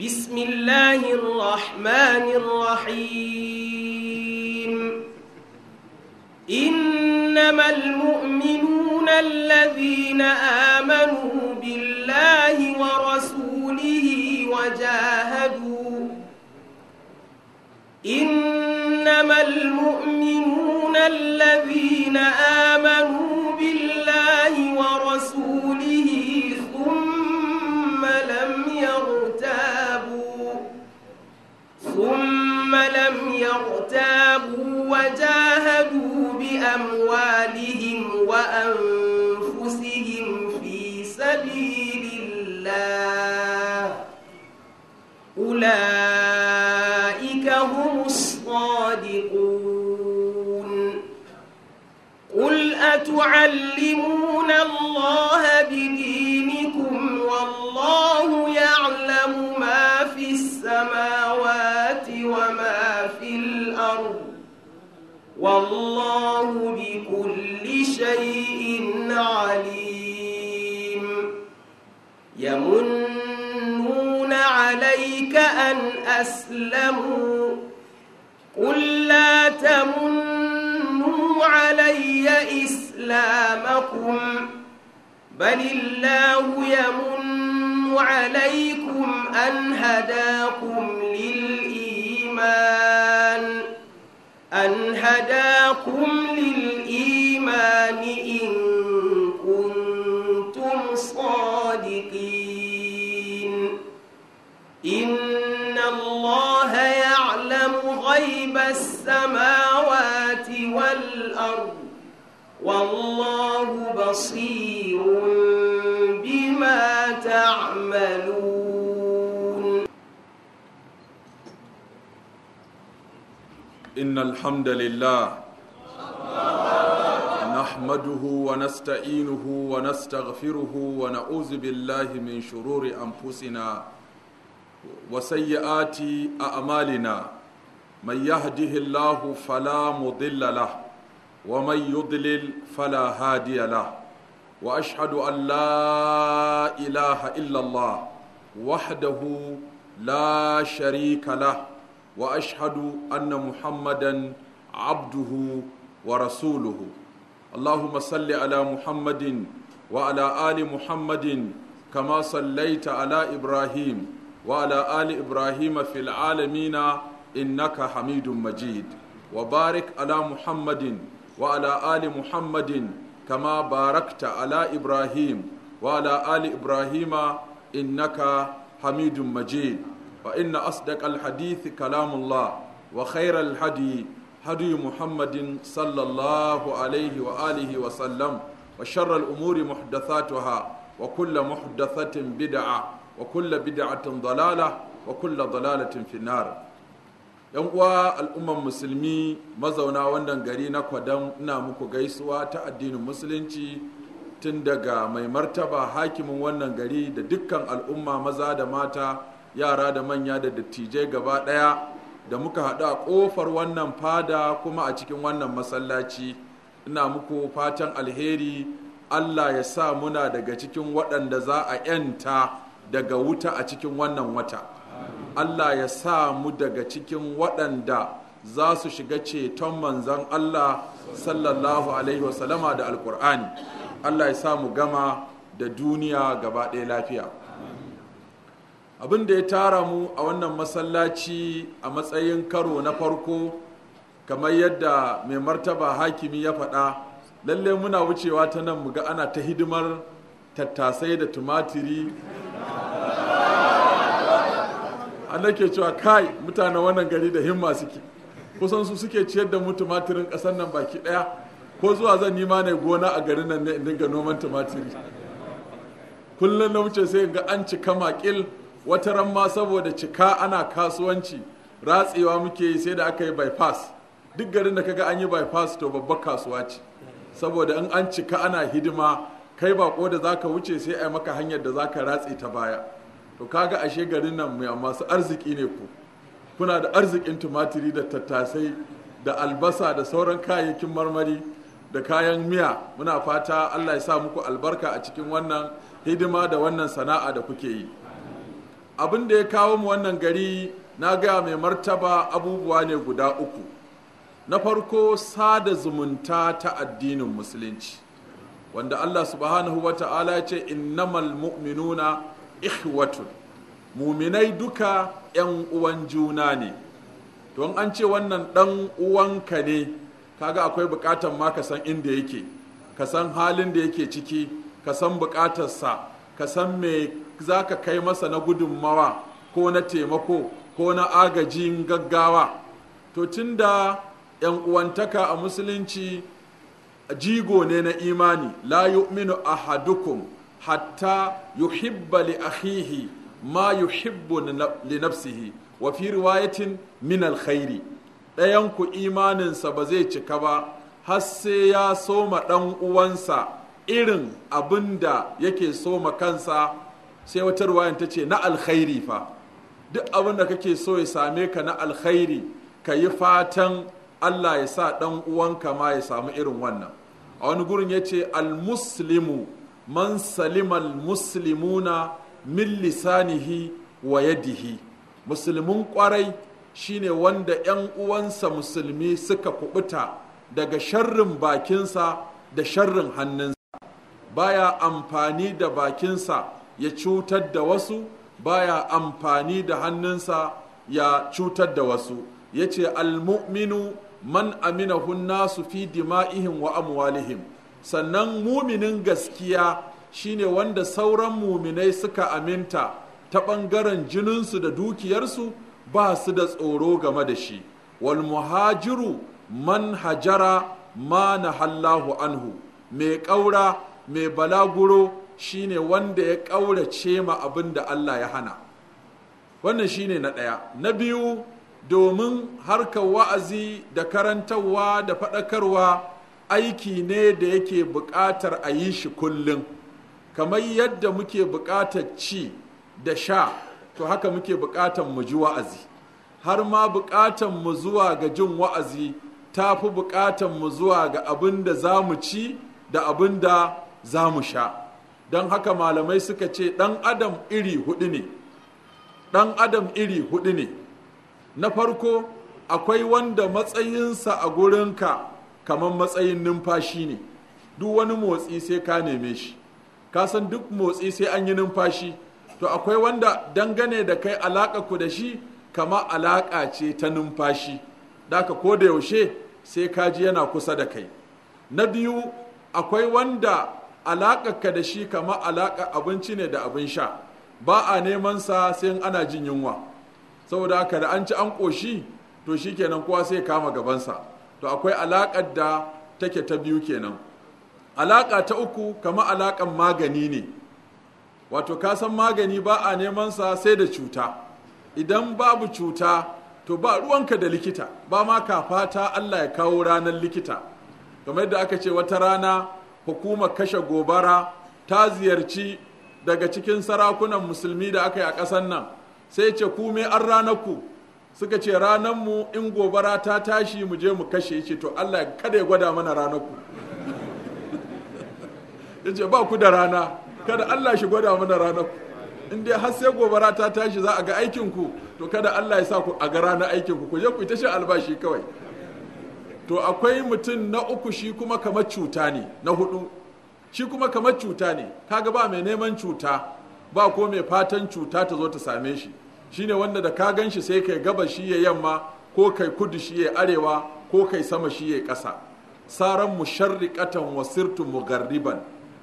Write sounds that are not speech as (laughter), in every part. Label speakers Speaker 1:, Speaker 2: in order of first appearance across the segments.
Speaker 1: بسم الله الرحمن الرحيم إنما المؤمنون الذين آمنوا بالله ورسوله وجاهدوا إنما المؤمنون الذين آمنوا تعلمون الله بدينكم والله يعلم ما في السماوات وما في الأرض والله بكل شيء عليم يمنون عليك أن أسلموا قل لا تمنوا علي إسلام إسلامكم بل الله يمن عليكم أن هداكم للإيمان أن هداكم للإيمان إن كنتم صادقين إن الله يعلم غيب السماوات والأرض والله بصير بما تعملون
Speaker 2: إن الحمد لله نحمده ونستعينه ونستغفره ونعوذ بالله من شرور أنفسنا وسيئات أعمالنا من يهده الله فلا مضل له ومن يضلل فلا هادي له واشهد ان لا اله الا الله وحده لا شريك له واشهد ان محمدا عبده ورسوله اللهم صل على محمد وعلى ال محمد كما صليت على ابراهيم وعلى ال ابراهيم في العالمين انك حميد مجيد وبارك على محمد وعلى آل محمد كما باركت على إبراهيم وعلى آل إبراهيم إنك حميد مجيد وإن أصدق الحديث كلام الله وخير الهدي هدي محمد صلى الله عليه وآله وسلم وشر الأمور محدثاتها وكل محدثة بدعة وكل بدعة ضلالة وكل ضلالة في النار yan uwa al'umman musulmi mazauna wannan gari na kwadon ina muku gaisuwa ta addinin musulunci tun daga mai martaba hakimin wannan gari da dukkan al'umma maza da mata yara da manya da dattijai gaba ɗaya da muka haɗu a ƙofar wannan fada kuma a cikin wannan masallaci ina muku fatan alheri allah ya sa muna daga cikin waɗanda za a 'yanta daga wuta a cikin wannan wata Allah ya sa mu daga cikin waɗanda za su shiga ceton manzan Allah sallallahu alaihi wasallama da alkur'ani Allah ya sa mu gama da duniya gaba ɗaya lafiya abin da ya tara mu a wannan masallaci a matsayin karo na farko kamar yadda mai martaba hakimi ya faɗa lalle muna wucewa ta nan muga ana ta hidimar tattasai da tumatiri a nake cewa kai mutanen wannan gari da himma suke kusan su suke ciyar da mu tumatirin kasan nan baki ɗaya ko zuwa zan nima ne gona a garin nan ne in dinga noman tumatiri kullum na wuce sai ga an cika makil wata ran ma saboda cika ana kasuwanci ratsewa muke yi sai da aka yi bypass duk garin da kaga an yi bypass to babbar kasuwa ce saboda in an cika ana hidima kai bako da zaka wuce sai a maka hanyar da zaka ratse ta baya to kaga ashe garin nan mai masu arziki ne ku kuna da arzikin tumatiri da tattasai da albasa da sauran kayayyakin marmari da kayan miya muna fata allah ya sa muku albarka a cikin wannan hidima da wannan sana'a da kuke yi abin da ya kawo mu wannan gari na ga mai martaba abubuwa ne guda uku na farko sada zumunta ta addinin musulunci wanda allah subhanahu wa ta'ala ya ce innamal mu'minuna ikhwatun muminai duka 'yan uwan juna ne don an ce wannan dan uwanka ne kaga akwai bukatar ma ka san inda yake ka san halin da yake ciki ka san bukatarsa ka san me za ka kai masa na gudunmawa ko na taimako ko na agajin gaggawa to tunda 'yan uwantaka a musulunci jigo ne na imani la yu'minu ahadukum hatta yuhibba li akhihi ma yuhibbu li nafsihi wa fi riwayatin min alkhairi ɗayan ku imaninsa ba zai cika ba har sai ya soma ɗan uwansa irin abinda yake soma kansa sai wata ruwayan ta ce na alkhairi fa duk abin da kake so ya same ka na alkhairi ka yi fatan Allah ya sa ɗan uwanka ma ya samu irin wannan a wani gurin yace ce Al-Muslimu. man salimal muslimuna min lisanihi wa yadihi musulmin kwarai shine wanda 'yan uwansa musulmi suka kubuta daga sharrin bakinsa da sharrin hannunsa baya amfani da bakinsa ya cutar da wasu baya amfani da hannunsa ya cutar da wasu ya ce almu'minu man aminahun nasu fi dima'ihin wa amwalihim sannan muminin gaskiya shine wanda sauran muminai suka aminta ta ɓangaren jininsu da dukiyarsu ba su da tsoro game da shi wal muhajiru man hajara ma na hallahu anhu mai ƙaura mai balaguro shine wanda ya ƙaurace ma abin da Allah ya hana wannan shine na ɗaya na biyu domin harkar wa'azi da karantarwa da faɗakarwa aiki ne da yake buƙatar a yi shi kullum kamar yadda muke buƙatar ci da sha to haka muke buƙatar mu ji wa'azi har ma buƙatar mu zuwa ga jin wa'azi ta fi buƙatar mu zuwa ga abin da za mu ci da abin da za mu sha don haka malamai suka ce ɗan adam iri hudu ne ɗan adam iri hudu ne na farko akwai wanda matsayinsa a gurinka kamar matsayin numfashi ne duk wani motsi sai ka neme shi ka san duk motsi sai an yi numfashi to akwai wanda dangane da kai alaƙa ku da shi kama alaƙa ce ta numfashi daka ko da yaushe sai ka ji yana kusa da kai na biyu akwai wanda alaƙarka da shi kama alaƙa abinci ne da abin sha ba a neman sa sai ana jin yunwa saboda haka da an ci an ƙoshi to shi shikenan kowa sai kama gabansa to akwai alaƙar da take ta biyu kenan alaƙa ta uku kama alaƙan magani ne wato ka san magani ba a neman sa sai da cuta idan babu cuta to ba ruwanka da likita ba ma ka fata allah ya kawo ranar likita kamar yadda aka ce wata rana hukumar kashe gobara ta ziyarci daga cikin sarakunan musulmi da aka yi a ƙasar nan sai ce ku me an ku. suka ce ranar mu in gobara ta tashi mu je mu kashe ce to Allah kada ya gwada mana ranarku (laughs) ya ce ba ku da rana kada Allah shi gwada mana ranarku in dai har sai gobara ta tashi za a ga aikinku. to kada Allah ya sa ku a ga ranar aikinku. ku ku je ku ta shi albashi kawai to akwai mutum na uku shi kuma kamar cuta ne na hudu shi kuma kamar cuta ne kaga ba mai neman cuta ba ko mai fatan cuta ta zo ta same shi shine wanda da ka ganshi sai kai gaba shi ya yamma ko kai kudu shi ya arewa ko kai sama shi ya ƙasa saran musharriqatan wa sirtu mugarriban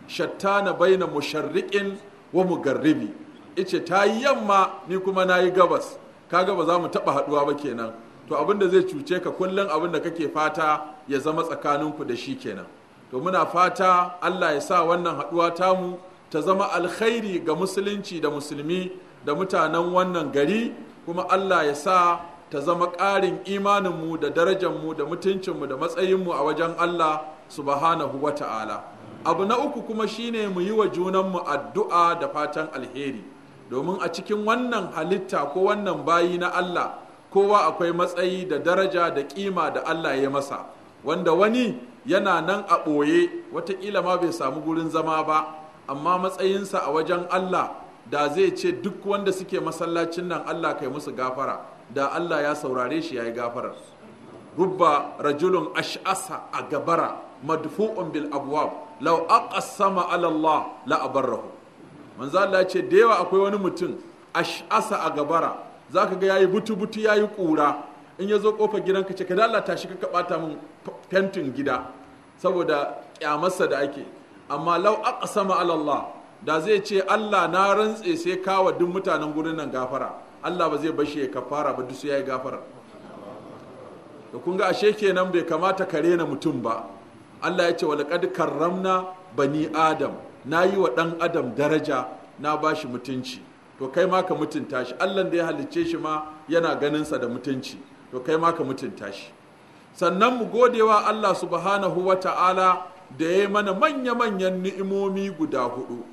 Speaker 2: shattana baina musharriqin wa mugarribi ice ta yi yamma ni kuma na yi gabas kaga ba za mu taɓa haɗuwa ba kenan to abin da zai cuce ka kullum abin da kake fata ya zama tsakaninku da shi kenan to muna fata allah ya sa wannan haɗuwa tamu ta zama alkhairi ga musulunci da musulmi da mutanen wannan gari kuma Allah ya sa ta zama ƙarin imaninmu da darajanmu da mutuncinmu da matsayinmu a wajen Allah subhanahu wa ta'ala abu na uku kuma shine mu yi wa junanmu addu'a da fatan alheri domin a cikin wannan halitta ko wannan bayi na Allah kowa akwai matsayi da daraja da kima da Allah ya masa wanda wani yana nan a ɓoye wataƙila ma bai samu gurin zama ba amma matsayinsa a wajen Allah da zai ce duk wanda suke masallacin nan Allah kai musu gafara da Allah ya saurare shi ya yi gafarar rubba rajulun ash'asa a gabara madfu'un bil abwab law aqassama ala Allah la abarrahu manzo Allah ya ce da yawa akwai wani mutum ash'asa a gabara zaka ga yayi butu butu yayi kura in ya zo gidan gidanka ce ka da Allah tashi ka bata mun fentin gida saboda kyamarsa da ake amma law aqsama ala Allah da zai ce Allah na rantse sai kawa duk mutanen gurin nan gafara Allah ba zai bashi ya kafara ba duk ya yayi gafara da kun ga ashe kenan bai kamata ka rena mutum ba Allah ya ce wa laqad karramna bani adam na yi wa dan adam daraja na bashi mutunci to kai ma ka mutunta shi Allah da ya halicce shi ma yana ganin sa da mutunci to kai ma ka mutunta shi sannan mu gode wa Allah subhanahu wa ta'ala da ya yi mana manya-manyan ni'imomi guda hudu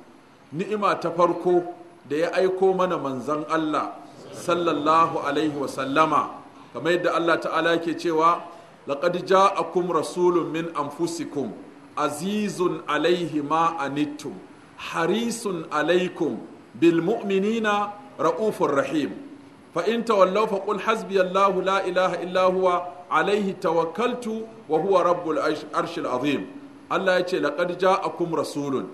Speaker 2: ni'ima ta farko da ya aiko mana manzan Allah sallallahu alaihi wasallama kamar yadda Allah ta'ala ke cewa laqad ja'akum rasulun min anfusikum azizun alaihi ma anittum harisun alaikum bil mu'minina ra'ufur rahim fa in tawallaw fa qul hasbiyallahu la ilaha illa huwa alaihi tawakkaltu wa huwa rabbul arshil azim Allah ya ce laqad ja'akum rasulun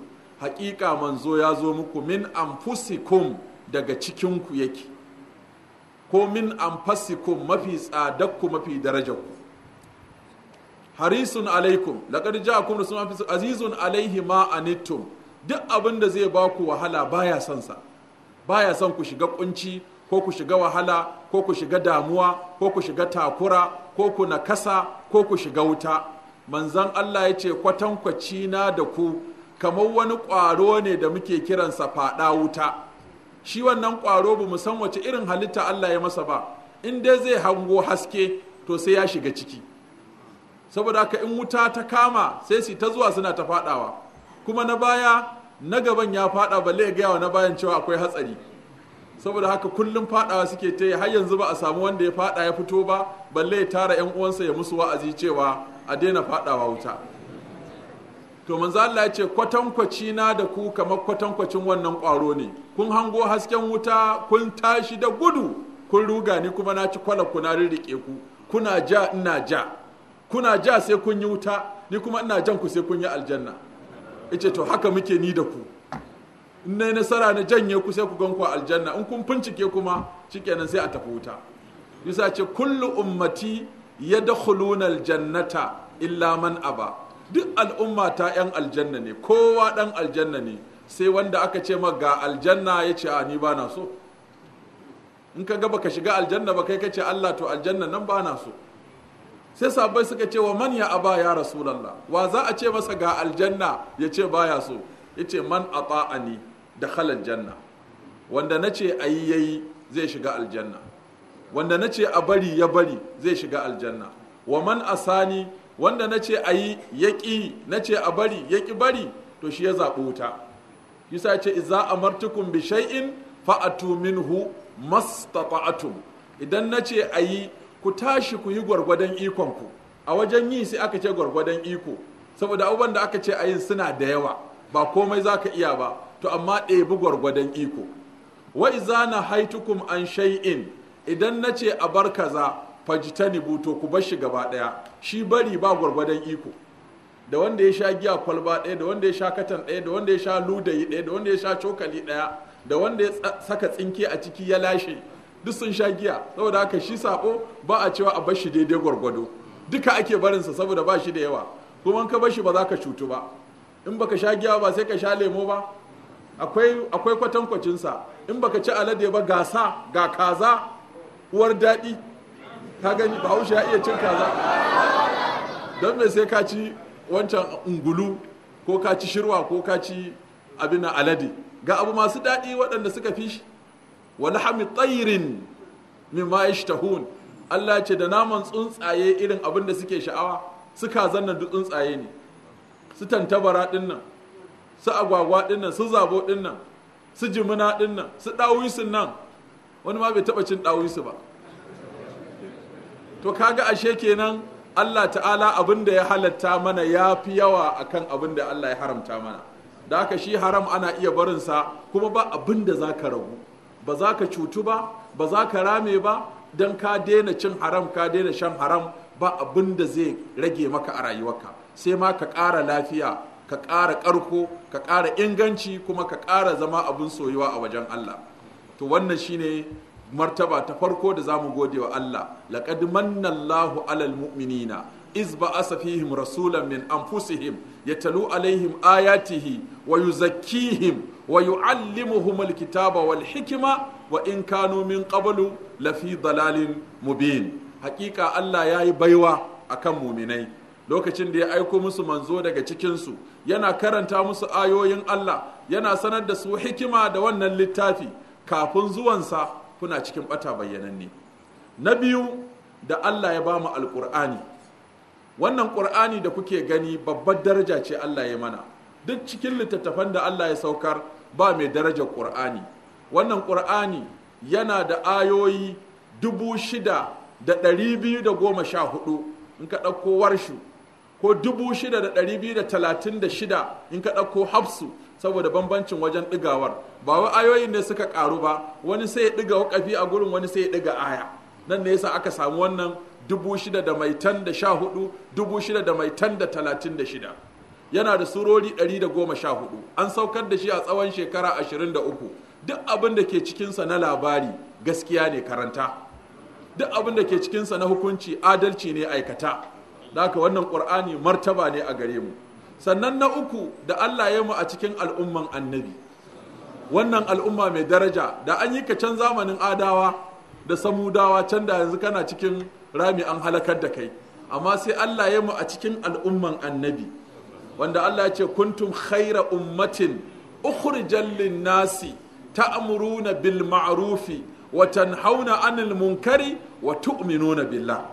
Speaker 2: haƙiƙa manzo ya zo muku min anfusikum daga cikinku yake ko min anfasikum mafi tsadakku mafi darajarku harisun alaikum laqad ja'akum mafi azizun alaihi ma anittum duk abin da zai baku wahala baya son sa baya son ku shiga kunci ko ku shiga wahala ko ku shiga damuwa ko ku shiga takura ko ku nakasa ko ku shiga wuta manzan Allah ya ce kwatankwaci na da ku kamar wani ƙwaro ne da muke kiransa faɗa wuta shi wannan ƙwaro ba mu san wace irin halitta Allah ya masa ba in dai zai hango haske to sai ya shiga ciki saboda haka in wuta ta kama sai su ta zuwa suna ta faɗawa kuma na baya na gaban ya faɗa ba ya gaya wa na bayan cewa akwai hatsari saboda haka kullum faɗawa suke ta har yanzu ba a samu wanda ya faɗa ya fito ba balle ya tara 'yan uwansa ya musu wa'azi cewa a daina faɗawa wuta to manzo Allah ya ce kwatankwaci na da ku kamar kwatankwacin wannan ƙwaro ne kun hango hasken wuta kun tashi da gudu kun ruga ni kuma na ci kwala ku na rirriƙe ku kuna ja ina ja kuna ja sai kun yi wuta ni kuma ina jan ku sai kun yi aljanna ice to haka muke ni da ku in nayi nasara na janye ku sai ku gan ku aljanna in kun fincike kuma shikenan sai a tafi wuta yusa ce kullu ummati yadkhuluna aljannata illa man aba duk al'umma ta 'yan aljanna ne kowa dan aljanna ne sai wanda aka ce ma ga aljanna ya ce a ni ba so in ka ga ka shiga aljanna ba kai ka ce Allah to aljanna nan ba so sai sabai suka ce wa man ya aba ya rasulallah wa za a ce masa ga aljanna ya ce baya so ya ce man ata'ani da khalan janna wanda na ce ayi yayi zai shiga aljanna wanda na ce a bari ya bari zai shiga aljanna wa man asani wanda na ce a yi ya ƙi na ce a bari ya ƙi bari to shi ya zaɓi wuta yasa ce iza amartukum bi shai'in fa'atu minhu mastata'tum idan na ce a yi ku tashi ku yi gwargwadon ikon ku a wajen yi sai aka ce gwargwadon iko saboda abubuwan da aka ce a yin suna da yawa ba komai za ka iya ba to amma ɗebi gwargwadon iko wa iza na haitukum an shai'in idan na ce a bar kaza ni buto ku bar shi gaba ɗaya shi bari ba gwargwadon iko da wanda ya sha giya kwalba ɗaya da wanda ya sha katan ɗaya da wanda ya sha ludayi ɗaya da wanda ya sha cokali ɗaya da wanda ya saka tsinke a ciki ya lashe duk sun sha giya saboda haka shi sabo ba a cewa a bar shi daidai gwargwado duka ake barinsa saboda ba shi da yawa kuma ka bar shi ba za ka cutu ba in baka sha giya ba sai ka sha lemo ba akwai akwai kwatankwacinsa in baka ci alade ba gasa ga kaza uwar daɗi ka gani bahaushe ya iya cin kaza don me sai ka ci wancan ungulu ko ka ci shirwa ko ka ci abin alade ga abu masu daɗi waɗanda suka fi shi Wani hami tsayirin min ma yashtahun Allah ce da naman tsuntsaye irin abin da suke sha'awa su kazan nan duk tsuntsaye ne su tantabara dinnan, su agwagwa dinnan, su zabo dinnan, su jimina dinnan, su ɗawisun nan wani ma bai taɓa cin ɗawisu ba to kaga ashe kenan Allah ta'ala abin da ya halatta mana ya fi yawa akan abin da Allah ya haramta mana da haka shi haram ana iya barinsa kuma ba abin da za ka ragu ba za ka cutu ba ba za ka rame ba don ka daina cin haram ka daina shan haram ba abin da zai rage maka a rayuwarka sai ma ka ƙara lafiya ka ƙara ƙarko ka ƙara inganci kuma ka ƙara zama abin soyuwa a wajen Allah to wannan shine martaba ta farko da zamu gode wa Allah laqad manna Allahu alal mu'minina iz ba'asa fihim rasulan min anfusihim yatalu alaihim ayatihi wa yuzakkihim wa yu'allimuhum alkitaba wal hikma wa in kanu min qablu lafi dalalin mubin hakika Allah yayi baiwa akan muminai lokacin da ya aiko musu manzo daga cikinsu yana karanta musu ayoyin Allah yana sanar da su hikima da wannan littafi kafin zuwansa kuna cikin bata bayyananne na biyu da Allah ya bamu alkur'ani wannan ƙur'ani da kuke gani babbar daraja ce Allah ya mana duk cikin littattafan da Allah ya saukar ba mai darajar ƙur'ani wannan ƙur'ani yana da ayoyi dubu shida da ɗari biyu da goma sha hudu in ka ɗauko warshu ko dubu shida da ɗari biyu da talatin da shida in ka ɗauko hafsu saboda bambancin wajen ɗigawar. ba wa'ayoyin ayoyin ne suka ƙaru ba wani sai ya ɗiga wakafi a gurin wani sai ya ɗiga aya nan ne yasa aka samu wannan dubu shida da mai tan da sha hudu dubu shida da mai tan da talatin da shida yana da surori ɗari da goma sha hudu an saukar da shi a tsawon shekara ashirin da uku duk abin da ke cikinsa na labari gaskiya ne karanta duk abin da ke cikinsa na hukunci adalci ne aikata da haka wannan ƙur'ani martaba ne a gare mu sannan na uku da Allah ya mu a cikin al'umman annabi wannan al'umma mai daraja da an yi ka can zamanin adawa da samudawa can da yanzu kana cikin rami an halakar da kai amma sai Allah ya mu a cikin al'umman annabi wanda Allah ya ce kuntum khaira ummatin ukhrijal lin-nasi ta'muruna bil ma'rufi wa tanhauna 'anil munkari wa tu'minuna billah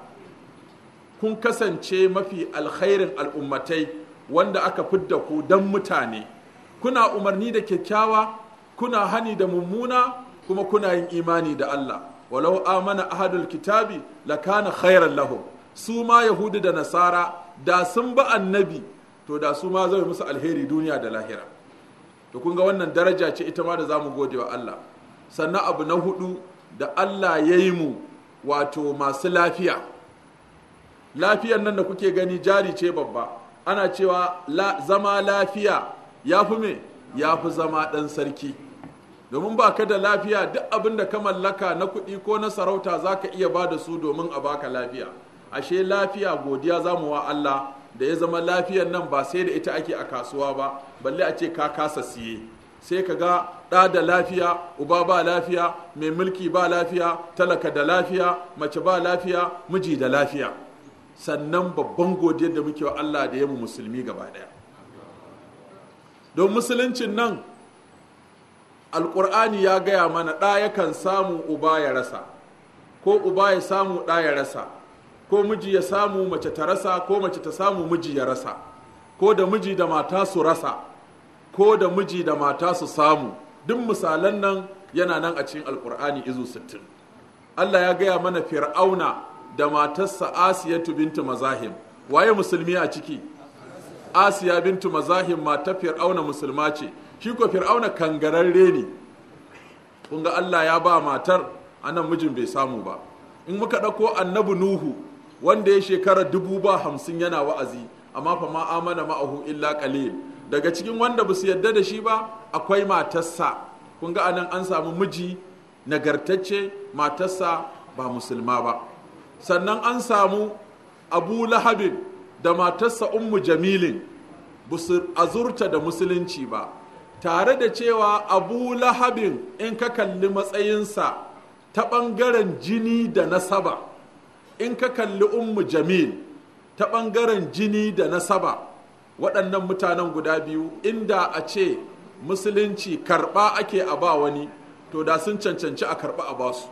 Speaker 2: kun kasance mafi alkhairin al'ummatai wanda aka fidda ku dan mutane kuna umarni da kyakkyawa kuna hani da mummuna kuma kuna yin imani da Allah walau amana ahadul kitabi lakana khairan lahu. su ma yahudu da nasara da sun ba annabi to da su ma zai musu alheri duniya da lahira to kun ga wannan daraja ce ita ma da zamu gode wa Allah sannan abu na hudu da Allah ya yi mu wato masu lafiya lafiyan nan da kuke gani jari ce babba ana cewa la, zama lafiya ya fi me ya fi zama ɗan sarki domin ba ka da lafiya duk abin da ka mallaka na kuɗi ko na sarauta za ka iya ba da su domin a baka lafiya ashe lafiya godiya za mu wa Allah da ya zama lafiyan nan ba sai da ita ake a kasuwa ba balle a ce ka kasa siye sai ka ga ɗa da lafiya uba ba lafiya mai mulki ba lafiya talaka da lafiya mace ba lafiya miji da lafiya sannan babban godiyar da muke wa Allah da ya mu musulmi gaba daya don musuluncin nan alkur'ani ya gaya mana ɗa yakan samu uba ya rasa ko uba ya samu ɗa ya rasa ko miji ya samu mace ta rasa ko mace ta samu miji ya rasa ko da miji da mata su rasa ko da miji da mata su samu duk misalan nan yana nan a cikin alkur'ani izu 60 Allah ya gaya mana fir'auna da matarsa asiyatu bintu mazahim waye musulmi a ciki asiya bintu mazahim matar fir'auna musulma ce shi ko fir'auna kangararre ne kun allah ya ba matar anan mijin bai samu ba in muka ɗauko annabi nuhu wanda ya shekara dubu ba hamsin yana wa'azi amma fa ma amana ma'ahu illa qalil daga cikin wanda ba su yadda da shi ba akwai matarsa kun anan an samu miji nagartacce matarsa ba musulma ba sannan an samu abu lahabin da matarsa ummu jamilin busu azurta da musulunci ba tare da cewa abu lahabin in ka kalli matsayinsa ta ɓangaren jini da nasaba in ka kalli ummu jamil ta ɓangaren jini da nasaba waɗannan mutanen guda biyu inda a ce musulunci karɓa ake a ba wani to da sun cancanci a karɓa a basu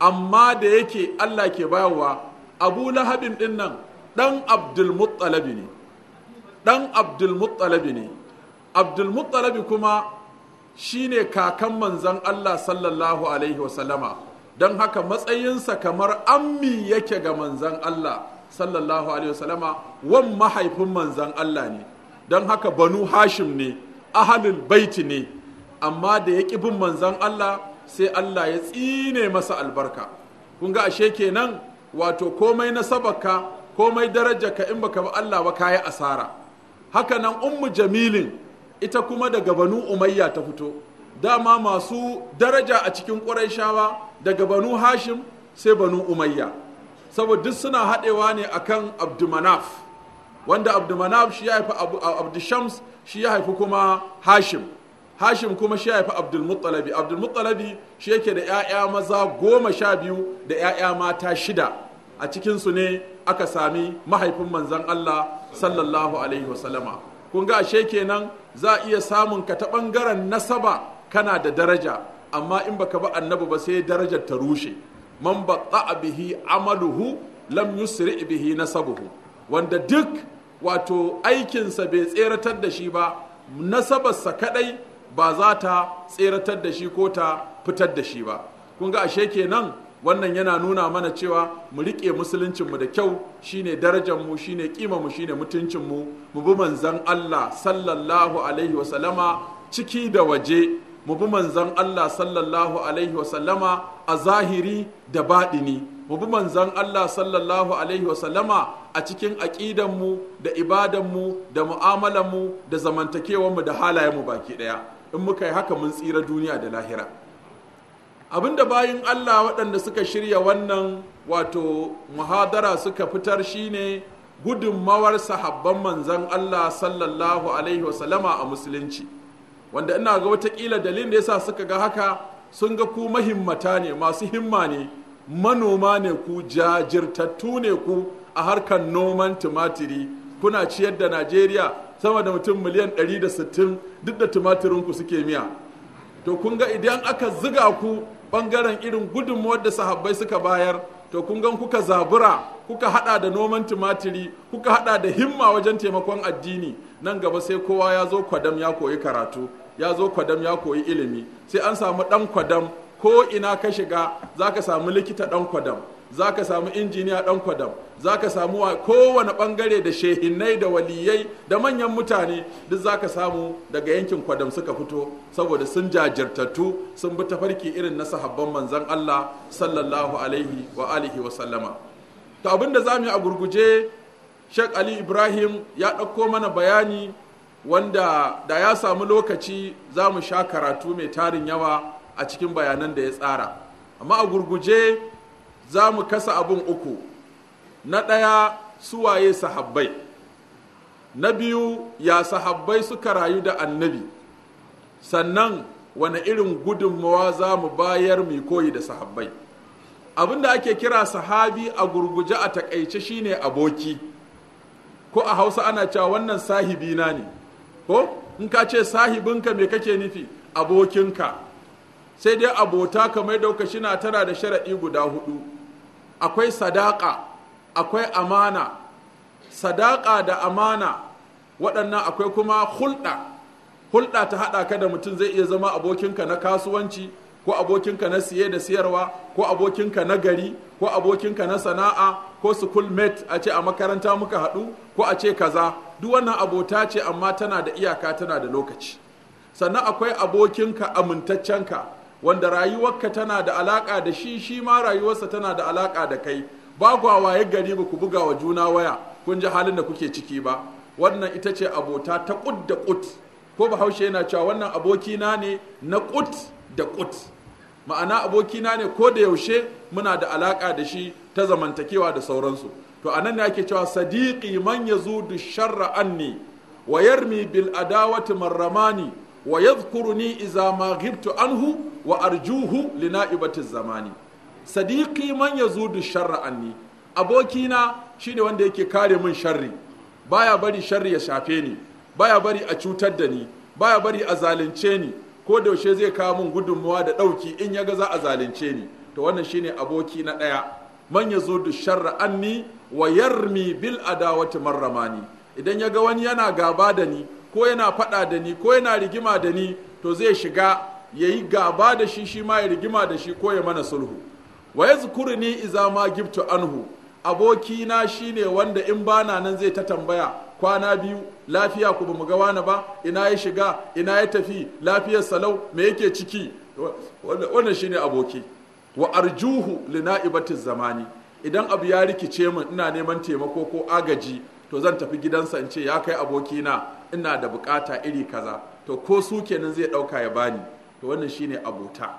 Speaker 2: amma da yake Allah ke bayarwa abu lahabin din nan dan abdulmuttalabi ne dan abdulmuttalabi ne abdulmuttalabi kuma shine kakan manzan Allah sallallahu alaihi wasallama don haka matsayinsa kamar ammi yake ga manzan Allah sallallahu alaihi wasallama wan mahaifin manzan Allah ne don haka banu hashim ne ahalul baiti ne amma da ya bin manzan Allah sai Allah ya tsine masa albarka kun ga ashe kenan wato komai nasabarka komai darajarka in baka bi Allah ba kayi asara haka nan ummu jamilin ita kuma daga banu umayya ta fito dama masu daraja a cikin ƙurayshawa daga banu hashim sai banu umayya saboda duk suna haɗewa ne akan abdumanaf wanda abdumanaf shi ya haifi abdushams shi ya haifi kuma hashim hashim kuma shi ya haifi abdulmuttalabi abdulmuttalabi shi yake da 'ya'ya maza goma sha biyu da 'ya'ya mata shida a cikinsu ne aka sami mahaifin manzan allah sallallahu alaihi wasallama kun ga ashe kenan za a iya samun ka ta ɓangaren nasaba kana da daraja amma in baka ba annabi ba sai darajar ta rushe man baqa bihi amaluhu lam yusri bihi nasabuhu wanda duk wato aikinsa bai tseratar da shi ba nasabarsa kadai ba za ta tseratar da shi ko ta fitar da shi ba kun ga ashe kenan wannan yana nuna mana cewa mu riƙe musuluncinmu da kyau shine darajarmu shine ƙimarmu shine mutuncinmu mu bi manzan Allah sallallahu alaihi wasallama ciki da waje mu bi manzan Allah sallallahu alaihi wasallama a zahiri da baɗini mu bi manzan Allah sallallahu alaihi wasallama a cikin aƙidanmu da ibadanmu da mu'amalanmu da zamantakewanmu da halayenmu baki ɗaya in muka yi haka mun tsira duniya da lahira abinda bayan Allah waɗanda suka shirya wannan wato muhadara suka fitar shine gudunmawar sahabban manzan Allah sallallahu alaihi wasallama a musulunci wanda ina ga watakila dalilin da yasa suka ga haka sun ga ku mahimmata ne masu himma ne manoma ne ku jajirtattu ne ku a harkar noman tumatiri kuna ciyar da Najeriya sama da mutum miliyan 160 duk da tumatirinku suke miya to kun ga idan aka ziga ku bangaren irin gudunmuwar da sahabbai suka bayar to kun gan kuka zabura kuka hada da noman tumatiri kuka hada da himma wajen taimakon addini nan gaba sai kowa ya zo kwadam ya koyi karatu ya zo kwadam ya koyi ilimi sai an samu dan kwadam ko ina ka shiga za ka samu likita dan kwadam za ka samu injiniya ɗan kwadam za ka samu kowane ɓangare da shehinai da waliyai da manyan mutane duk za ka samu daga yankin kwadam suka fito saboda sun jajirtattu sun bi tafarki irin na sahabban manzan Allah sallallahu alaihi wa alihi wa sallama to abin da za mu yi a gurguje Sheikh Ali Ibrahim ya ɗauko mana bayani wanda da ya samu lokaci za mu sha karatu mai tarin yawa a cikin bayanan da ya tsara amma a gurguje za mu kasa abin uku na ɗaya su waye sahabbai na biyu ya sahabbai suka rayu da annabi sannan wani irin gudunmawa za mu bayar mai koyi da sahabbai abin da ake kira sahabi a gurguje a takaice shine aboki ko a hausa ana cewa wannan sahibina ne ko in ka ce sahibinka me kake nufi abokinka sai dai abota kamar dauka shina tana da sharaɗi guda hudu akwai sadaka akwai amana sadaka da amana waɗannan akwai kuma hulɗa hulɗa ta haɗa ka da mutum zai iya zama abokinka na kasuwanci ko abokinka na siye da siyarwa ko abokinka na gari ko abokinka na sana'a ko school mate a ce a makaranta muka haɗu ko a ce kaza duk wannan abota ce amma tana da iyaka tana da lokaci sannan akwai abokinka amintaccenka wanda rayuwarka tana da alaƙa da shi shi ma rayuwarsa tana da alaƙa da kai ba ya gari ba ku buga wa juna waya kun ji halin da kuke ciki ba wannan ita ce abota ta kut da kut ko bahaushe yana cewa wannan abokina ne na kut da kut ma'ana abokina ne ko da yaushe muna da alaƙa da shi ta zamantakewa da sauransu to anan ne ake cewa sadiqi man yazudu sharra anni wa yarmi bil adawati marramani wa yadhkuruni idza ma ghibtu anhu wa arjuhu li na'ibati zamani sadiqi man yazudu sharra anni abokina shine wanda yake kare min sharri baya bari sharri ya shafe ni baya bari a cutar da ni baya bari a zalunce ni ko da yaushe zai kawo min gudunmuwa da ɗauki, in ga za a zalunce ni to wannan shine aboki na ɗaya. man yazudu sharra anni wa mi bil marrama ni idan ya ga wani yana gaba da ni ko yana faɗa da ni ko yana rigima da ni to zai shiga ya yi gaba da shi shi ma ya rigima da shi ko ya mana sulhu wa ya ni iza ma gibtu anhu abokina shine wanda in bana nan zai ta tambaya kwana biyu lafiya ku bamu ga wani ba ina ya shiga ina ya tafi lafiyar salau me yake ciki wannan shine aboki wa arjuhu li zamani idan abu ya rikice min ina neman taimako ko agaji to zan tafi gidansa in ce ya kai abokina ina da bukata iri kaza to ko su kenan zai dauka ya bani to wannan shine abota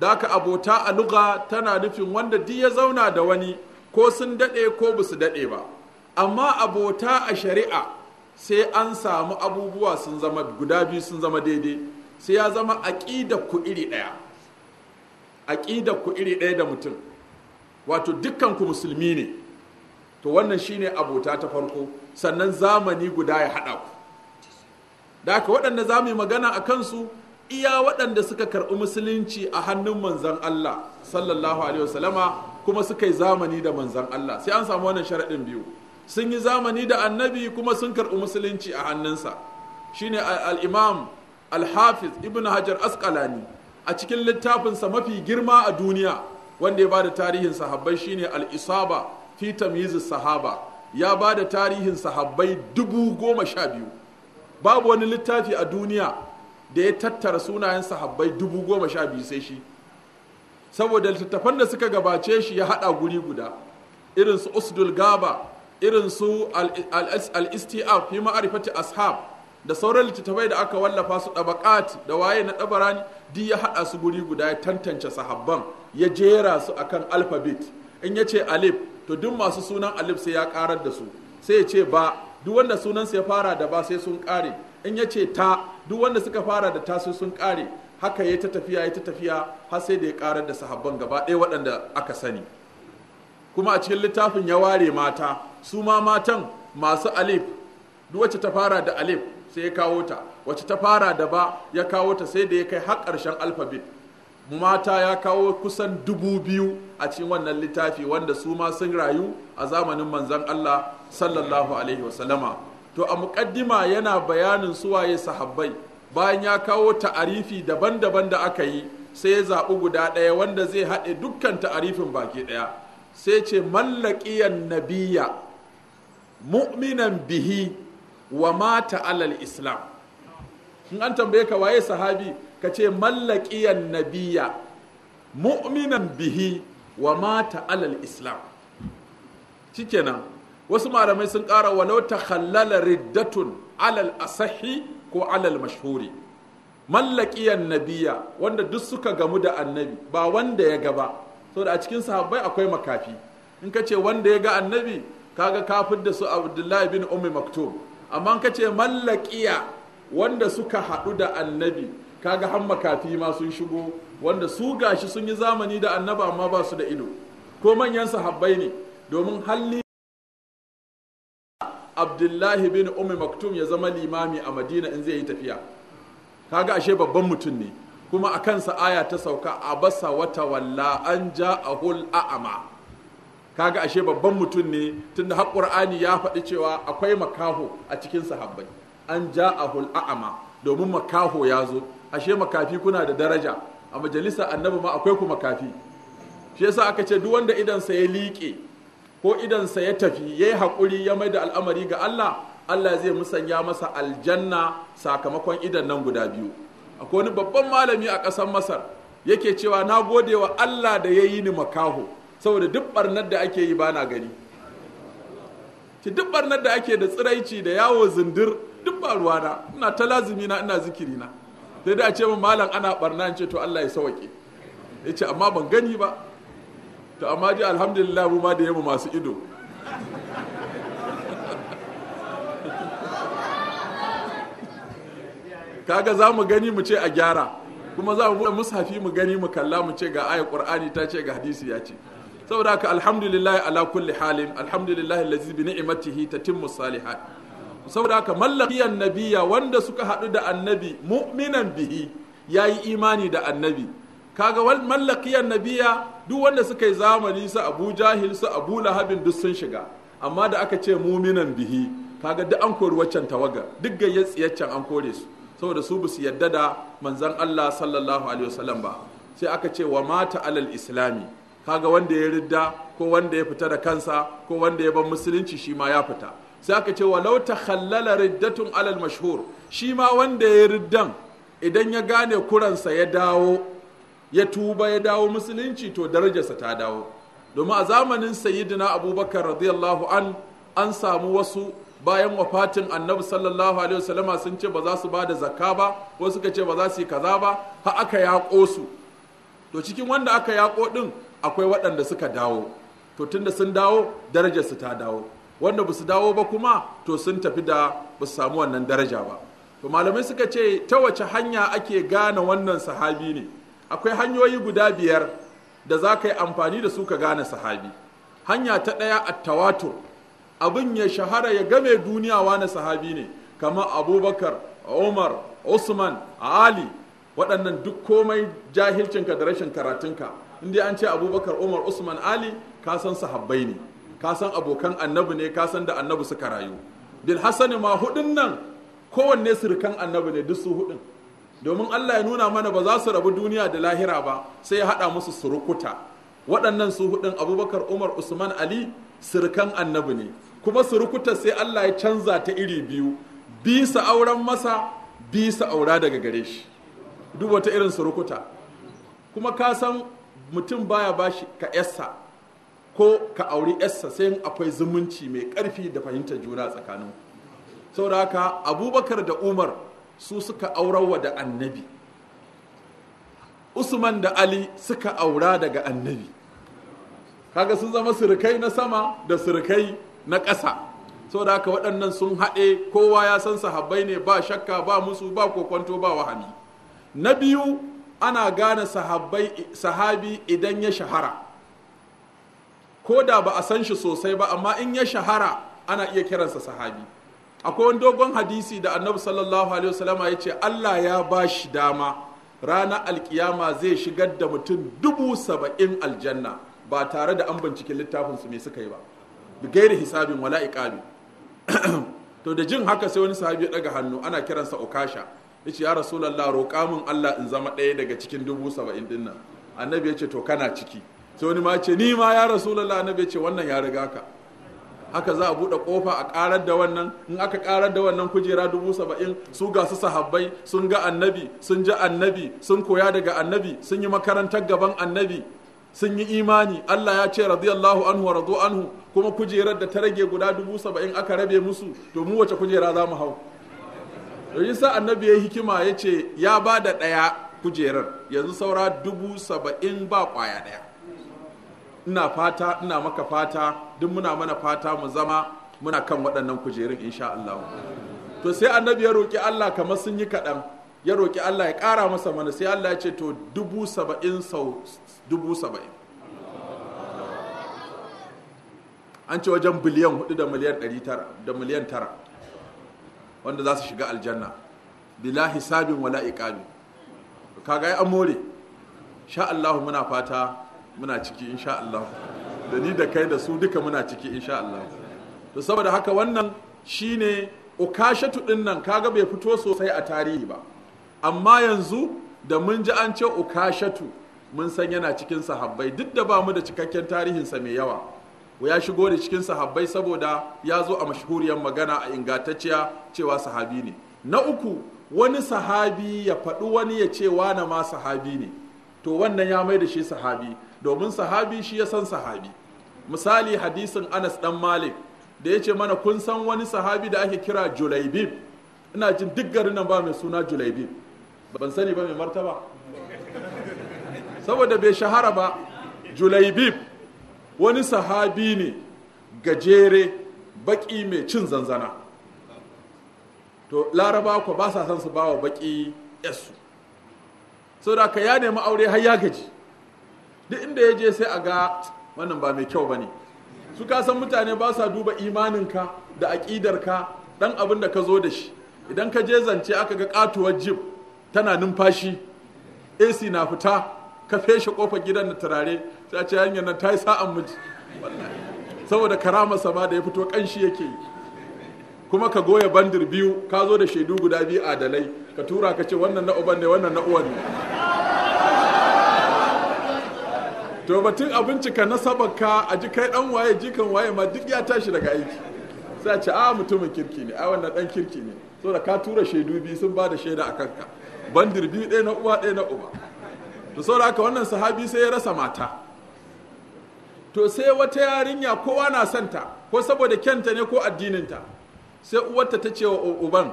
Speaker 2: daka abota a luga tana nufin wanda duk ya zauna da wani ko sun dade ko busu daɗe dade ba amma abota a shari'a sai an samu abubuwa sun zama guda biyu sun zama daidai sai ya zama aqida ku iri ɗaya aqida ku iri ɗaya da mutum wato dukkan ku musulmi ne to wannan shine abota ta farko sannan zamani guda ya haɗa ku da aka waɗanda za mu yi magana a kansu iya waɗanda suka karɓi musulunci a hannun manzan Allah sallallahu alaihi wasallama kuma suka yi zamani da manzan Allah sai an samu wannan sharaɗin biyu sun yi zamani da annabi kuma sun karɓi musulunci a hannunsa shine al-imam al-hafiz ibn hajar Askalani. a cikin littafinsa mafi girma a duniya wanda ya ba da tarihin sahabbai shine al-isaba fi tamyizu sahaba ya ba da tarihin sahabbai dubu goma sha biyu babu wani littafi a duniya da ya tattara sunayen sahabbai dubu goma sha biyu sai shi saboda littattafan da suka gabace shi ya haɗa guri guda irin su usdul gaba irin su al-istiaf fi ma'arifati ashab da sauran littattafai da aka wallafa su ɗabaƙat da waye na ɗabarani di ya haɗa su guri guda ya tantance sahabban ya jera su akan alfabet in ya ce alif to duk masu sunan alif sai ya karar da su sai ya ce ba duk wanda sunansa ya fara da ba sai sun kare in ya ce ta duk wanda suka fara da ta sai sun kare haka ya ta tafiya ya ta tafiya har sai da ya karar da sahabban gaba ɗaya waɗanda aka sani kuma a cikin littafin ya ware mata su ma matan masu alif duk wacce ta fara da alif sai ya kawo ta wacce ta fara da ba ya kawo ta sai da ya kai har ƙarshen alfabet mata ya kawo kusan dubu biyu a cikin wannan littafi wanda su ma sun rayu a zamanin manzon Allah sallallahu alaihi wasallama to a muƙaddima yana bayanin suwaye sahabbai bayan ya kawo ta'arifi daban-daban da aka yi sai ya zaɓi guda ɗaya wanda zai haɗe dukkan ta'arifin baki ɗaya sai ce mallakiyan nabiya mu'minan bihi wa mata alal islam in an tambaye ka waye sahabi ka ce mallakiyan nabiya mu'minan bihi wa mata alal islam shikenan wasu malamai sun ƙara walau ta khallala riddatun alal asahi ko alal mashhuri mallakiyan nabiya wanda duk suka gamu da annabi ba wanda ya gaba saboda a cikin sahabbai akwai makafi in ka ce wanda ya ga annabi kaga kafin da su abdullahi bin ummi maktum amma ka ce mallakiya wanda suka haɗu da annabi kaga har makafi ma sun shigo wanda su gashi sun yi zamani da annaba amma ba su da ido ko manyan sahabbai ne domin halli abdullahi bin umi maktum ya zama limami a madina in zai yi tafiya kaga ashe babban mutum ne kuma a kansa aya ta sauka a basa wata walla an ja a hul a'ama kaga ashe babban mutum ne tunda har qur'ani ya faɗi cewa akwai makaho a cikin sahabbai an ja a hul a'ama domin makaho ya zo ashe makafi kuna da daraja a majalisa annabi ma akwai ku makafi shi yasa aka ce duk wanda idansa ya liƙe ko idansa ya tafi ya yi haƙuri ya mai da al'amari ga Allah Allah zai musanya masa aljanna sakamakon idan nan guda biyu akwai wani babban malami a ƙasar Masar yake cewa na gode wa Allah da ya yi ni makaho saboda duk barnar da ake yi bana gani ki duk barnar da ake da tsiraici da yawo zindir duk ba ruwana ina ta lazimi na ina zikiri na sai da a ce min malam ana barna ce to Allah ya sawake yace amma ban gani ba to amma ji alhamdulillah mu ma da yamma masu ido kaga za mu gani mu ce a gyara kuma za mu buɗe mushafi mu gani mu kalla mu ce ga ayat qur'ani ta ce ga hadisi ya ce saboda haka alhamdulillah ala kulli halin alhamdulillah allazi bi ni'matihi tatimmu salihat saboda haka mallakiyan nabiya wanda suka haɗu da annabi mu'minan bihi ya yi imani da annabi kaga mallakiyan nabiya duk wanda suka yi zamani su abu jahil su abu lahabin duk sun shiga amma da aka ce muminan bihi kaga duk an kori waccan tawaga duk gayyar tsiyaccen an kore su saboda su basu yadda da manzon Allah sallallahu alaihi wasallam ba sai aka ce wa mata alal islami kaga wanda ya ridda ko wanda ya fita da kansa ko wanda ya bar musulunci shi ma ya fita sai aka ce walau takhallala riddatun alal mashhur shi ma wanda ya yi riddan idan ya gane kuransa ya dawo ya tuba ya dawo musulunci to darajarsa ta dawo domin a zamanin sayyidina abubakar radiyallahu an an samu wasu bayan wafatin annabi sallallahu alaihi wasallama sun ce ba za su ba da zakka ba wasu suka ce ba za su yi kaza ba ha aka yaƙo su to cikin wanda aka yaƙo din akwai waɗanda suka dawo to tunda sun dawo darajarsu ta dawo wanda ba su dawo ba kuma to sun tafi da ba su samu wannan daraja ba to malamai suka ce ta wace hanya ake gane wannan sahabi ne akwai hanyoyi guda biyar da za ka yi amfani da su ka gane sahabi hanya ta ɗaya a tawatur abin ya shahara ya game duniya wani sahabi ne kamar abubakar umar usman ali waɗannan duk komai jahilcinka da rashin karatunka inda an ce abubakar umar usman ali ka san sahabbai ne ka san abokan annabi ne ka san da annabi suka rayu bil hasani ma hudun nan kowanne surukan annabi ne duk su hudun domin Allah ya nuna mana ba za su rabu duniya da lahira ba sai ya haɗa musu surukuta waɗannan su hudun abubakar umar usman ali surukan annabi ne kuma surukuta sai Allah ya canza ta iri biyu bisa auren masa bisa aura daga gare shi duk wata irin surukuta kuma ka san mutum baya bashi ka yassa ko ka auri yarsa sai akwai zumunci mai ƙarfi da fahimtar juna tsakanin saboda haka abubakar da umar su suka aurawa da annabi usman da ali suka aura daga annabi kaga sun zama surukai na sama da surukai na ƙasa saboda haka waɗannan sun haɗe kowa ya san sahabbai ne ba shakka ba musu ba kokwanto ba wahami na biyu ana gane sahabi idan ya shahara ko da ba a san shi sosai ba amma in ya shahara ana iya kiransa sahabi akwai wani dogon hadisi da annabi sallallahu alaihi wasallam ya ce allah ya ba shi dama ranar alkiyama zai shigar da mutum dubu saba'in aljanna ba tare da an bincike su me suka yi ba gairi hisabin wala iqabi (clears throat) to da jin haka sai wani sahabi ya daga hannu ana kiransa okasha yace ya rasulullah roƙa allah in zama ɗaya daga cikin dubu saba'in dinnan annabi ya ce to kana ciki sai wani ma ce ni ma ya rasulullah annabi ya ce wannan ya riga ka haka za a buɗe kofa a ƙarar da wannan in aka karar da wannan kujera dubu saba'in su ga su sahabbai sun ga annabi sun ji annabi sun koya daga annabi sun yi makarantar gaban annabi sun yi imani Allah ya ce radiyallahu anhu wa anhu kuma kujerar da ta rage guda dubu saba'in aka rabe musu to mu wace kujera za mu hau yanzu sa annabi ya hikima ya ce ya ba da ɗaya kujerar yanzu saura dubu saba'in ba kwaya ɗaya ina fata ina maka fata duk muna mana fata mu zama muna kan waɗannan kujerun insha Allah to sai annabi ya roki Allah kamar sun yi kaɗan ya roki Allah ya kara masa mana sai Allah ya ce to dubu saba'in sau dubu saba'in an ce wajen biliyan hudu da miliyan ɗari tara da miliyan tara wanda za su shiga aljanna bila hisabin wala iqabi kaga ya amore sha Allah muna fata muna ciki insha Allah da ni da kai da su duka muna ciki insha Allah to saboda haka wannan shine ukashatu din nan kaga bai fito sosai a tarihi ba amma yanzu da mun ji an ce ukashatu mun san yana cikin sahabbai duk da ba mu da cikakken tarihin sa mai yawa ya shigo da cikin sahabbai saboda ya zo a mashhuriyar magana a ingantacciya cewa sahabi ne na uku wani sahabi ya faɗi wani ya ce na ma sahabi ne to wannan ya mai da shi sahabi domin sahabi shi ya san sahabi misali hadisin anas dan malik da ya ce mana kun san wani sahabi da ake kira julaibib ina jin duk garin nan ba mai suna julaibib ban sani ba mai martaba saboda bai shahara ba julaibib wani sahabi ne gajere baki mai cin zanzana to laraba ku ba sa san su ba wa baki yasu saboda ka ya nemi aure har ya gaji duk inda ya je sai a ga wannan ba mai kyau ba ne su ka san mutane ba sa duba imaninka da aƙidarka ɗan abin da ka zo da shi idan ka je zance aka ga katuwar jib tana numfashi ac na fita ka feshe kofar gidan da turare ta ce hanyar nan ta yi sa'an miji saboda karama sama da ya fito kanshi yake yi kuma ka goya bandir biyu ka zo da shaidu guda biyu adalai ka tura ka ce wannan na uban ne wannan na uwan ne to batun a bincika sabaka a ji kai dan waye jikan waye ma duk ya tashi daga aiki sai a ce a ah, mutumin kirki ne a wannan dan kirki ne so da ka tura shaidu biyu sun ba da shaida a kanka bandir biyu ɗaya na uwa ɗaya na uba to da haka wannan sahabi sai ya rasa mata to sai wata yarinya kowa na santa ko saboda kyanta ne ko addininta sai uwarta ta ce wa uban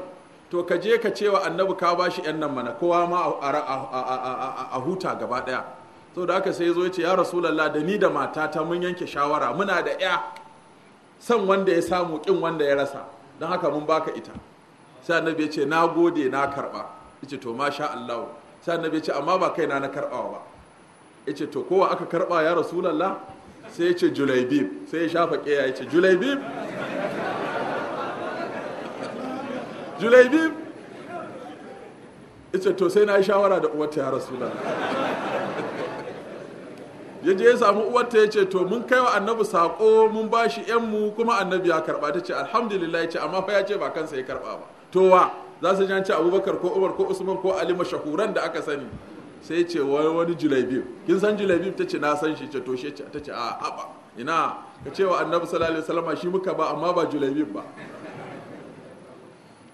Speaker 2: to ka je ka ce wa annabi ka bashi yan nan mana kowa ma a huta gaba ɗaya so da aka sai zo ya ce ya rasulallah da ni da matata mun yanke shawara muna da ya san wanda ya samu kin wanda ya rasa don haka mun baka ita sai annabi ya ce na gode na karba yace to masha Allah sai annabi ya ce amma ba kaina na karbawa ba yace to kowa aka karba ya rasulallah sai ya ce julaibib sai ya shafa keya ya ce julaibib julaibib to sai na yi shawara da uwata ya rasulallah ya je ya samu uwar ya ce to mun kai wa annabi sako mun bashi yan mu kuma annabi ya karba ta ce alhamdulillah ce amma fa ya ce ba kansa ya karba ba to wa za su ji ce abubakar ko umar ko usman ko ali mashahuran da aka sani sai ce wani julaibib kin san julaibib ta ce na san shi ce to shi ta ce a haba ina ka ce wa annabi sallallahu alaihi wasallam shi muka ba amma ba julaibib ba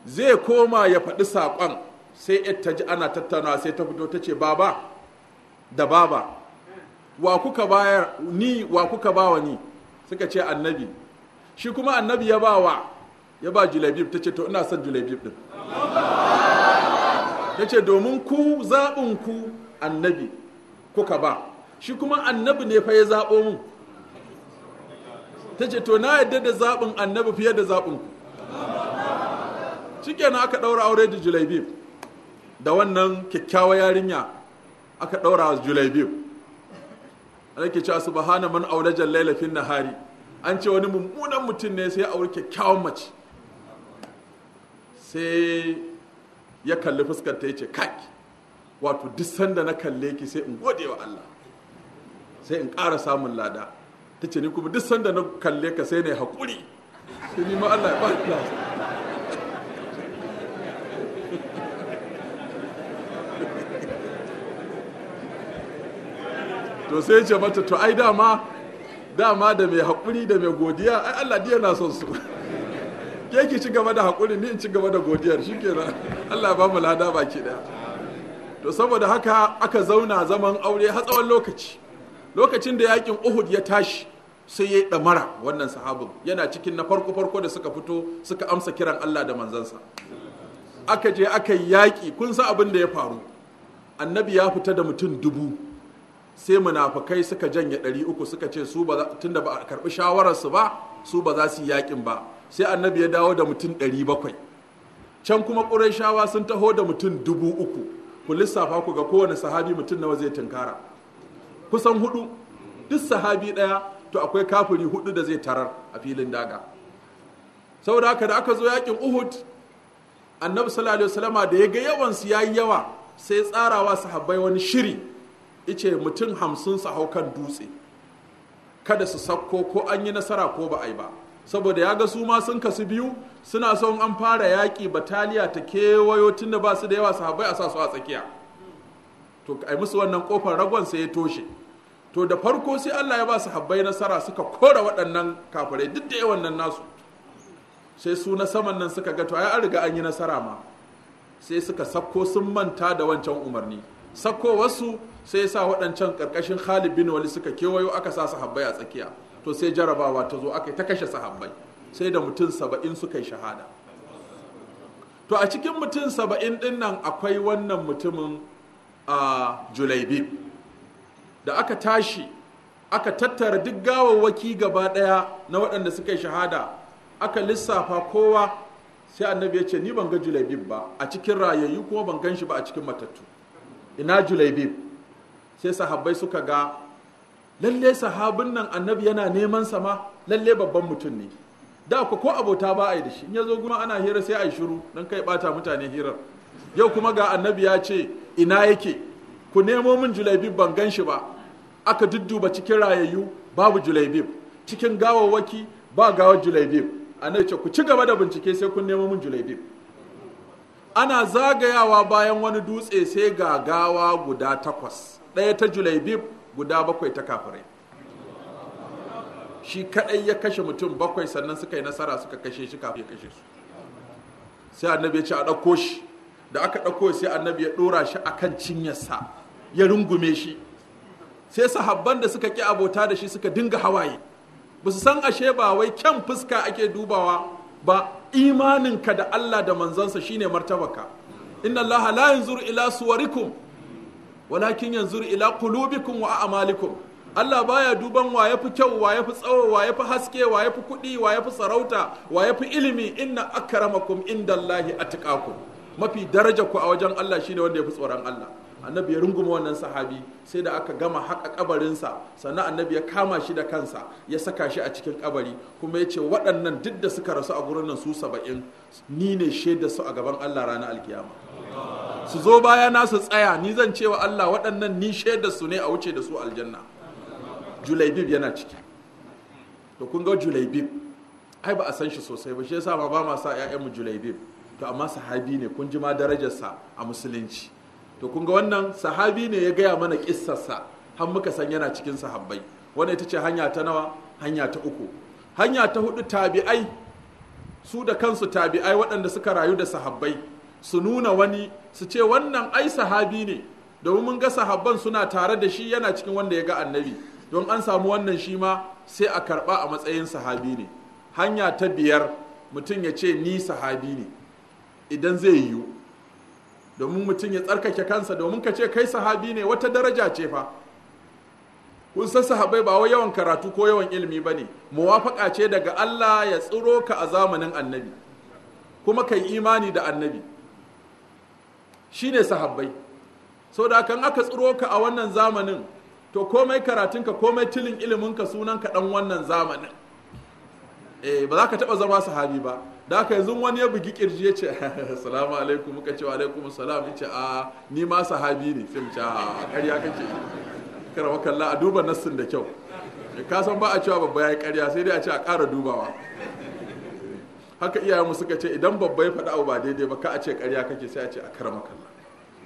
Speaker 2: zai koma ya faɗi saƙon sai ta ji ana tattaunawa sai ta fito ta ce baba da baba wa kuka bayar ni wa kuka bawa ni suka ce annabi shi kuma annabi ya ba wa ya ba julebib ta ce to ina son julebib din ta ce domin ku zaɓin ku annabi kuka ba shi kuma annabi ne fa ya zaɓo mun ta ce to na yadda da zaɓin annabi fiye da zaɓin ku Cike na aka ɗaura aure da julebib da wannan kyakkyawa yarinya aka ɗaura julebib ake cewa subhana man aulajan laila fin nahari an ce wani mummunan mutum ne sai ya auri kyakkyawan mace sai ya kalli fuskar ta yace kai wato duk sanda na kalle ki sai in gode wa Allah sai in ƙara samun lada ta ce ni kuma duk sanda na kalle ka sai na yi haƙuri
Speaker 1: sai ni ma Allah ya
Speaker 2: ba to sai ce mata to ai dama dama da mai haƙuri da mai godiya ai Allah diya na son su (laughs) ke ki ci gaba da haƙuri ni in ci gaba da godiyar shikenan Allah ba mu lada baki daya to saboda haka aka zauna zaman aure har tsawon lokaci lokacin da yakin Uhud ya tashi sai ya yi ɗamara wannan sahabin yana cikin na farko farko da suka fito suka amsa kiran Allah da manzansa aka je aka yi yaƙi kun san abin da ya faru annabi ya fita da mutum dubu sai munafukai suka janye ɗari uku suka ce su tunda ba a karɓi shawararsu ba su ba za su yi yaƙin ba sai annabi ya dawo da mutum ɗari bakwai can kuma ƙurayshawa sun taho da mutum dubu uku ku lissafa ku ga kowane sahabi mutum nawa zai tunkara kusan hudu duk sahabi ɗaya to akwai kafiri hudu da zai tarar a filin daga saboda haka da aka zo yakin uhud annabi sallallahu alaihi wasallama da ya ga yawan yawansu yayi yawa sai tsarawa sahabbai wani shiri ice mutum hamsin su hau kan dutse kada su sakko ko an yi nasara ko ba a yi ba saboda ya ga su ma sun kasu biyu suna son an fara yaƙi bataliya ta kewayo tun da ba su da yawa haɓai a sa su a tsakiya to yi musu wannan kofar ragon sai ya toshe to da farko sai Allah ya ba su habbai nasara suka kora waɗannan kafirai duk da yawan nasu sai su na saman nan suka ga to ai an riga an yi nasara ma sai suka sakko sun manta da wancan umarni wasu sai sa waɗancan ƙarƙashin Khalid bin Walid suka kewayo aka sa sahabbai a tsakiya to sai jarabawa ta zo aka ta kashe sahabbai sai da mutum saba'in suka yi shahada to a cikin mutum saba'in din nan akwai wannan mutumin a julaibib da aka tashi aka tattara duk gawawwaki gaba ɗaya na waɗanda suka yi shahada aka lissafa kowa sai annabi ya ce ni ban ga julaibib ba a cikin rayayyu kuma ban gan shi ba a cikin matattu ina julaibib sai sahabbai suka ga lalle sahabin nan annabi yana neman sama lalle babban mutum ne da ku ko abota ba a yi da shi in ya zo kuma ana hira sai a yi shiru don kai bata mutane hirar yau kuma ga annabi ya ce ina yake ku nemo min julaibib ban gan shi ba aka dudduba cikin rayayyu babu julaibib cikin gawawwaki ba gawar julaibib annabi ce ku ci gaba da bincike sai kun nemo min julaibib ana zagayawa bayan wani dutse sai ga gawa guda takwas ɗaya ta julaibib guda bakwai ta kafirai shi kaɗai ya kashe mutum bakwai sannan suka yi nasara suka kashe shi kafin ya kashe su sai annabi ya ce a ɗauko shi da aka ɗauko sai annabi ya ɗora shi a kan cinyarsa ya rungume shi sai sahabban da suka ƙi abota da shi suka dinga hawaye ba su san ashe ba wai kyan fuska ake dubawa ba imaninka da Allah da manzansa shine martabaka inna Allah la yanzuru ila suwarikum walakin yanzuru ila qulubikum wa a'malikum Allah baya duban wa yafi kyau wa yafi tsawo wa yafi haske wa yafi kudi? wa yafi sarauta wa yafi ilimi inna akramakum indallahi atqakum mafi daraja ku a wajen Allah shine wanda yafi tsoron Allah annabi ya runguma wannan sahabi sai da aka gama haƙa kabarinsa sannan annabi ya kama shi da kansa ya saka shi a cikin kabari kuma ya ce waɗannan duk da suka rasu a gurin nan su saba'in ni ne shaida su a gaban allah ranar alkiyama su zo baya na su tsaya ni zan ce wa allah waɗannan ni shaida su ne a wuce da su aljanna julaibib yana ciki to kun ga julaibib ai ba a san shi sosai ba shi yasa ma ba ma sa 'ya'yanmu julaibib to amma sahabi ne kun ji ma darajarsa a musulunci to kunga wannan sahabi ne ya gaya mana kissarsa har muka san yana cikin sahabbai wannan ita ce hanya ta nawa hanya ta uku hanya ta hudu tabi'ai su da kansu tabi'ai waɗanda suka rayu da sahabbai su nuna wani su ce wannan ai sahabi ne domin mun ga sahabban suna tare da shi yana cikin wanda ya ga annabi don an samu wannan shi ma sai a karɓa a matsayin sahabi ne hanya ta biyar mutum ya ce ni sahabi ne idan zai yiwu domin mutum ya tsarkake kansa domin ka ce kai sahabi ne wata daraja ce fa kun san sahabai ba wai yawan karatu ko yawan ilimi ba ne muwafaka ce daga Allah ya tsiro ka a zamanin annabi kuma kai imani da annabi shi ne sahabbai sau da kan aka tsiro ka a wannan zamanin to komai karatunka komai tilin iliminka sunanka ɗan wannan zamanin eh ba za ka taɓa zama sahabi ba da aka yanzu wani ya bugi kirji ya ce (laughs) salamu alaikum muka ce wa alaikum salam ya ce a ni ma sahabi ne sai mu ce a karya kake kara kalla a duba nassin da kyau ka san ba a cewa babba ya yi karya sai dai a ce a ƙara dubawa haka iyayenmu suka ce idan babba ya faɗa abu ba daidai ba ka a ce karya kake sai a ce a kara kalla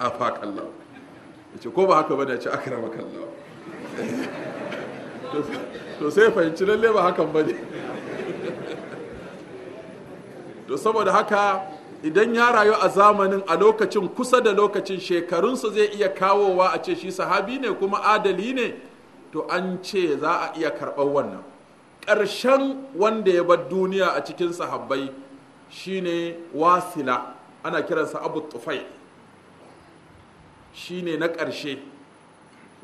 Speaker 2: a fa kalla ya ce ko ba haka ba da ce a kara kalla. (laughs) to sai fahimci lalle ba hakan ba ne to saboda haka idan ya rayu a zamanin a lokacin kusa da lokacin shekarunsa zai iya kawowa a ce shi sahabi ne kuma adali ne to an ce za a iya karɓar wannan ƙarshen wanda ya bar duniya a cikin sahabbai shine wasila ana kiransa abu tufai shine na ƙarshe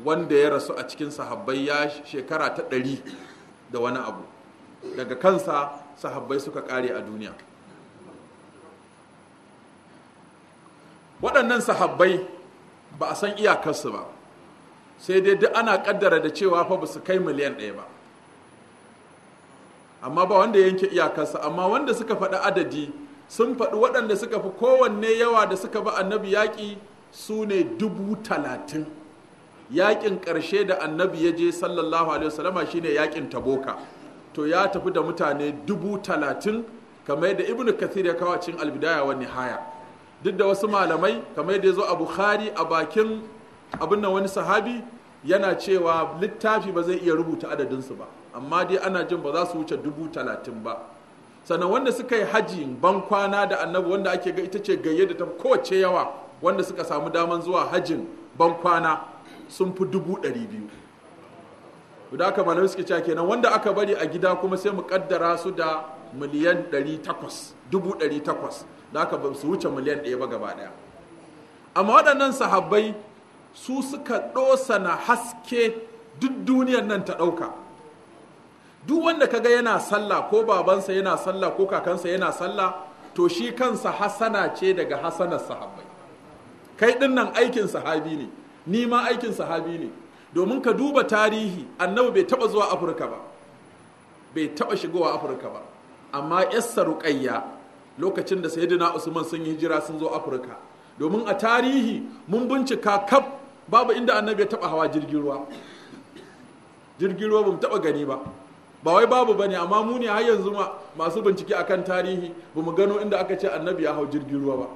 Speaker 2: wanda ya rasu a cikin sahabbai ya shekara ta ɗari da wani abu daga kansa sahabbai suka ƙare a duniya waɗannan sahabbai ba a san iyakarsu ba sai dai duk ana ƙaddara da cewa fa ba su kai miliyan ɗaya ba amma ba wanda yanke iyakarsa amma wanda suka faɗi adadi sun faɗi waɗanda suka fi kowanne yawa da suka bi annabi yaƙi su ne dubu talatin yaƙin ƙarshe da annabi ya je sallallahu alaihi wasallama shine yaƙin taboka to ya tafi da mutane dubu talatin kamar yadda ibnu kathir ya kawo cikin albidaya wa nihaya duk da wasu malamai kamar yadda ya zo a bukhari a bakin abin nan wani sahabi yana cewa littafi ba zai iya rubuta adadinsu ba amma dai ana jin ba za su wuce dubu talatin ba sannan wanda suka yi haji ban kwana da annabi wanda ake ga ita ce gayye da ta kowace yawa wanda suka samu daman zuwa hajin ban kwana sun fi dubu ɗari biyu da aka malamai suke cewa kenan wanda aka bari a gida kuma sai mu kaddara su da miliyan 800,000 da aka ba su wuce miliyan ɗaya ba gaba ɗaya amma waɗannan sahabbai su suka ɗosana haske duk duniyar nan ta ɗauka duk wanda ka ga yana sallah ko babansa yana sallah ko kakansa yana sallah to shi kansa hasana ce daga hasanar sahabbai kai ɗin nan aikin sahabi ne ni ma aikin sahabi ne domin ka duba tarihi annabi bai taɓa zuwa afirka ba bai taɓa shigowa afirka ba amma yassa ruƙayya lokacin da sayyidina usman sun yi hijira sun zo afirka domin a tarihi mun bincika kaf babu inda annabi ya taba hawa jirgin ruwa jirgin ruwa bamu taba gani ba ba wai babu bane amma mu ne har yanzu masu bincike akan tarihi bamu gano inda aka ce annabi ya hau jirgin ruwa ba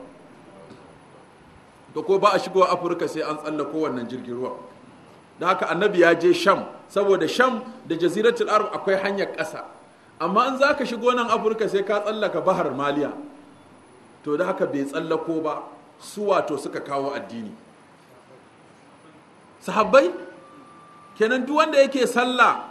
Speaker 2: da ko ba a shigo afirka sai an tsalla wannan jirgin ruwa da haka annabi ya je sham saboda sham da jaziratul arab akwai hanyar ƙasa amma in za ka shigo nan afirka sai ka tsallaka bahar maliya to da haka bai tsallako ba su wato suka kawo addini sahabbai kenan duk wanda yake sallah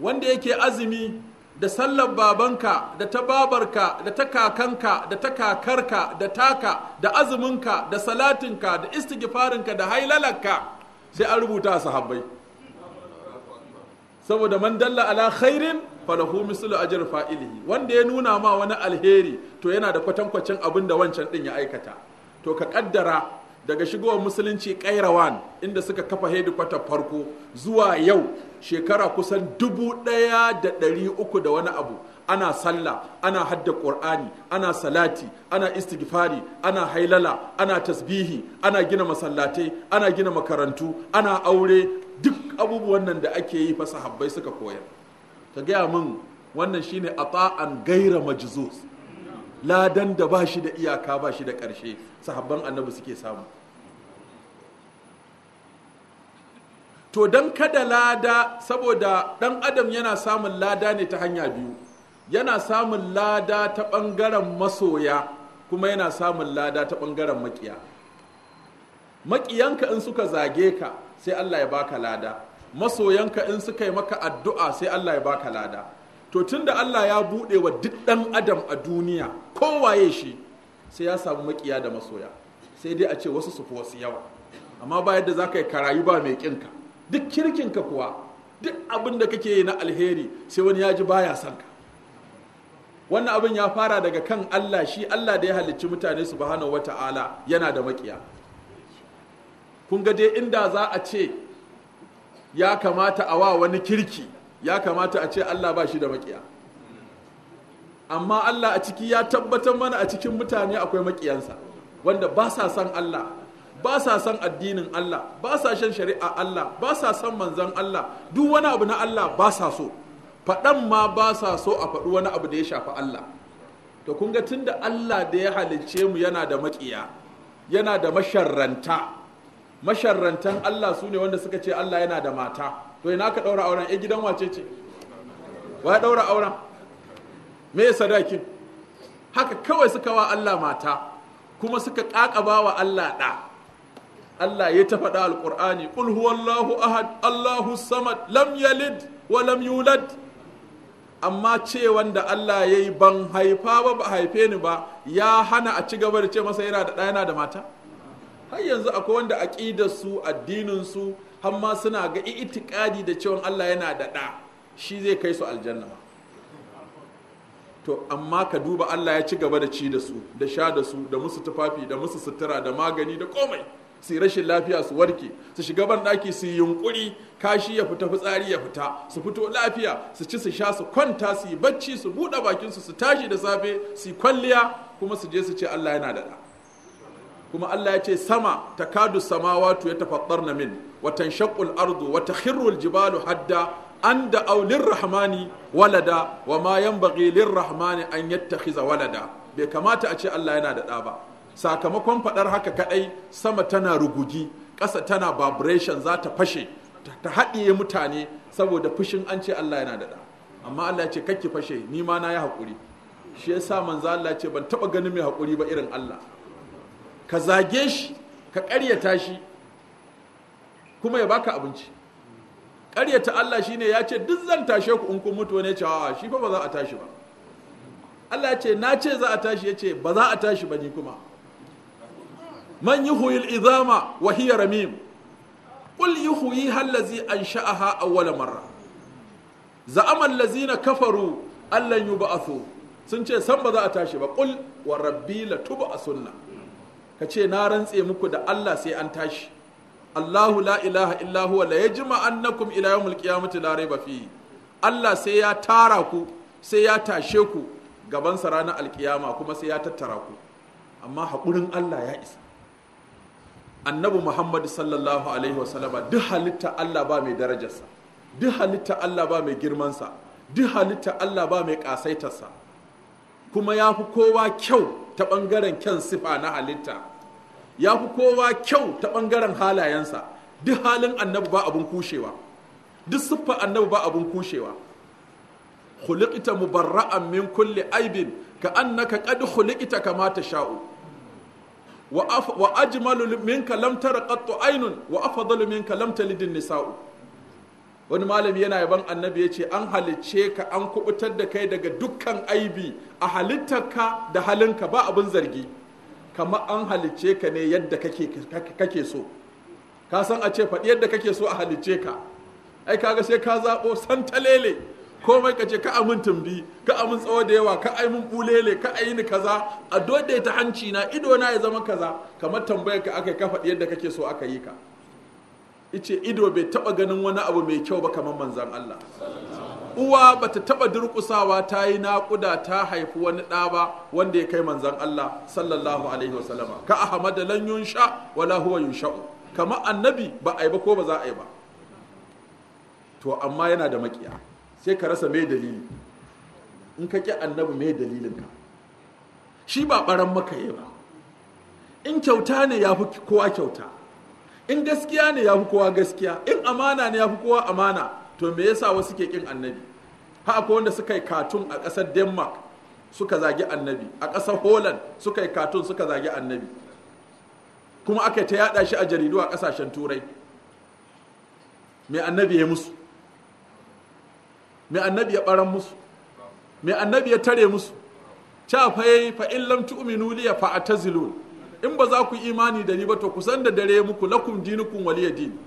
Speaker 2: wanda yake azumi da sallar babanka da ta babarka da ta kakanka da ta kakarka da taka da azuminka da salatinka da istigifarinka da hailalarka sai an rubuta sahabbai saboda mandalla dalla ala khairin falahu mislu ajr fa'ilihi wanda ya nuna ma wani alheri to yana da kwatankwacin abin da wancan din ya aikata to ka kaddara daga shigowar musulunci kairawan inda suka kafa hedi kwata farko zuwa yau shekara kusan dubu daya da dari uku da wani abu ana sallah ana hadda qur'ani ana salati ana istighfari ana hailala ana tasbihi ana gina masallatai ana gina makarantu ana aure duk abubuwan nan da ake yi fa sahabbai suka koyar ka gaya min wannan shine ata'an gaira majzuz ladan da ba shi da iyaka ba shi da ƙarshe sahabban annabi suke samu to don kada lada saboda ɗan adam yana samun lada ne ta hanya biyu yana samun lada ta ɓangaren masoya kuma yana samun lada ta ɓangaren makiya makiyanka in suka zage ka sai allah ya baka lada masoyanka in suka yi maka addu'a sai Allah ya baka lada to tun da Allah ya buɗe wa duk ɗan adam a duniya kowaye shi sai ya samu makiya da masoya sai dai a ce wasu su fi wasu yawa amma ba yadda za ka yi karayu ba mai ƙinka duk kirkinka kuwa duk abin da kake yi na alheri sai wani ya ji baya son ka wannan abin ya fara daga kan Allah shi Allah da ya halicci mutane subhanahu wata'ala yana da makiya kun ga dai inda za a ce ya kamata a wa wani kirki ya kamata a ce Allah ba shi da makiya amma Allah a ciki ya tabbatar mana a cikin mutane akwai makiyansa wanda ba sa son Allah ba sa son addinin Allah ba sa shan shari'a Allah ba sa son manzan Allah duk wani abu na Allah ba sa so faɗan ma ba sa so a faɗi wani abu da ya shafi Allah to kun ga tunda Allah da ya halicce mu yana da makiya yana da masharanta. masharrantan Allah su ne wanda suka ce Allah yana da mata to ina ka ɗaura auren ya eh, gidan wace ce wa ya ɗaura auren me sadakin haka kawai suka wa Allah mata kuma suka ƙaƙaba wa Allah ɗa Allah ya ta faɗa alƙur'ani qul huwallahu ahad Allahu samad lam yalid wa lam yulad amma ce wanda Allah ya yi ban haifa ba ba haife ni ba ya hana a ci gaba da ce masa yana da ɗa yana da mata har yanzu akwai wanda aƙidar su addinin su har ma suna ga itikadi da cewa Allah yana da ɗa shi zai kai su aljanna to amma ka duba Allah ya ci gaba da ci da su da sha da su da musu tufafi da musu sutura da magani da komai su rashin lafiya su warke su shiga ban ɗaki su yunkuri kashi ya fita fitsari ya fita su fito lafiya su ci su sha su kwanta su yi bacci su buɗe bakin su su tashi da safe su kwalliya kuma su je su ce Allah yana da ɗa kuma Allah ya ce sama sama ya samawatu na min Watan shakul ardu wata takhirru jibalu hadda an da'aw rahmani walada wa ma rahma ni an yattakhiza walada bai kamata a ce Allah yana da ɗa ba sakamakon faɗar haka kaɗai sama tana rugugi ƙasa tana vibration za ta fashe ta haɗiye mutane saboda fushin an ce Allah yana da ɗa amma Allah ce kakki fashe ni ma na yi haƙuri shi yasa manzo Allah ce ban taɓa ganin mai haƙuri ba irin Allah ka zage shi ka ƙaryata shi kuma ya baka abinci ƙaryata Allah shi ne ya ce duk zan tashe ku in kun mutu ne cewa shi fa ba za a tashi ba Allah ya ce na ce za a tashi ya ce ba za a tashi ba ni kuma man yi yuhyil izama wa hiya ramim qul yuhyiha allazi ansha'aha awwala marra za'ama allazina kafaru allan yub'athu sun ce san ba za a tashi ba qul wa rabbi la sunna. ka ce na rantse muku da Allah sai an tashi Allahu la ilaha illa huwa la yajma annakum ila yawmil qiyamati la rayba fi Allah sai ya tara ku sai ya tashe ku gaban sa ranar alkiyama kuma sai ya tattara ku amma hakurin Allah ya isa annabi Muhammad sallallahu alaihi wasallama duk halitta Allah ba mai darajarsa duk halitta Allah ba mai girmansa duk halitta Allah ba mai kasaitarsa kuma ya fi kowa kyau ta ɓangaren kyan sifa na halitta ya fi kowa kyau ta ɓangaren halayensa duk halin annabi ba abin kushewa duk siffa annabi ba abin kushewa mu mubarra'an min kulli aibin ka annaka qad khuliqta kama ta wa wa ajmalu minka lam tara qattu wa afdalu minka lam talid nisa'u wani malami yana yaban annabi ya ce an halicce ka an kubutar da kai daga dukkan aibi a ka da halinka ba abin zargi kamar an halicce ka ne yadda kake so ka san a ce faɗi yadda kake so a halicce ka ai kaga sai ka zaɓo santalele komai ka ce ka amin tumbi ka amin tsawo da yawa ka ai bulele ka ai ni kaza a dode ta hanci na ido na ya zama kaza kamar tambayar ka aka ka faɗi yadda kake so aka yi ka ice ido bai taba ganin wani abu mai kyau ba kamar manzan Allah uwa ba ta taba durkusawa ta yi naƙuda ta haifi wani ɗa ba wanda ya kai manzan Allah sallallahu alaihi wasallama ka ahmad lan yunsha wala huwa yunsha'u kamar annabi ba a yi ba ko ba za a yi ba to amma yana da makiya sai ka rasa mai dalili in ka ƙi annabi mai dalilinka shi ba ɓaran maka yi ba in kyauta ne ya fi kowa kyauta in gaskiya ne ya fi kowa gaskiya in amana ne ya fi kowa amana to me yasa wasu ke kin annabi ha akwai wanda suka yi katun a ƙasar denmark suka zagi annabi a ƙasar holland suka yi katun suka zagi annabi kuma aka ta yada shi a jaridu a ƙasashen turai me annabi ya musu me annabi ya baran musu me annabi ya tare musu ca fa yi fa in lam tu'minu li fa in ba za ku yi imani da ni ba to kusan da dare muku lakum dinukum waliya din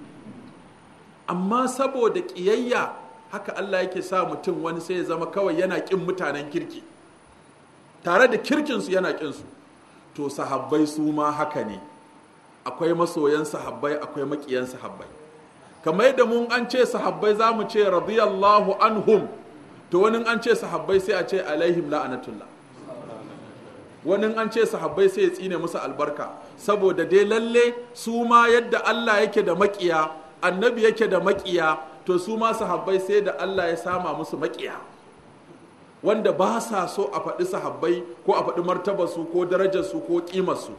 Speaker 2: amma saboda ƙiyayya haka Allah yake sa mutum wani sai ya zama kawai yana kin mutanen kirki tare da kirkinsu yana ƙinsu to sahabbai su ma haka ne akwai masoyan sahabbai akwai maƙiyan sahabbai kamar yadda mun an ce sahabbai za mu ce radiyallahu anhum to wani an ce sahabbai sai a ce alaihim la'anatullah wani an ce sahabbai sai ya tsine musu albarka saboda dai lalle su ma yadda Allah yake da makiya annabi yake da makiya to su ma sahabbai sai da Allah ya sama musu makiya wanda ba sa so a faɗi sahabbai ko a faɗi martabarsu ko darajarsu ko ƙimarsu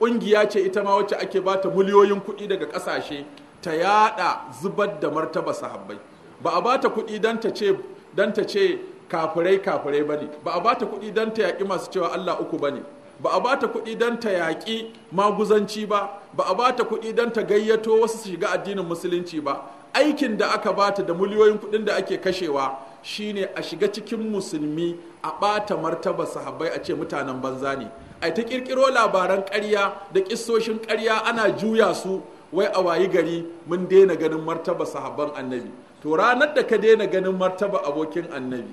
Speaker 2: ƙungiya ce ita ma wacce ake bata miliyoyin kuɗi daga ƙasashe ta yaɗa zubar da martaba sahabbai ba a bata kuɗi don ta ce kafirai kafirai bane ba a bata kuɗi don ta yaƙi masu cewa Allah uku bane ba a bata kuɗi don ta yaƙi maguzanci ba ba a bata kuɗi don ta gayyato wasu su shiga addinin musulunci ba aikin da aka bata da miliyoyin kuɗin da ake kashewa shine a shiga cikin musulmi a bata martaba sahabbai a ce mutanen banza ne a ta kirkiro labaran ƙarya da ƙissoshin ƙarya ana juya su wai a wayi gari mun daina ganin martaba sahabban annabi to ranar da ka daina ganin martaba abokin annabi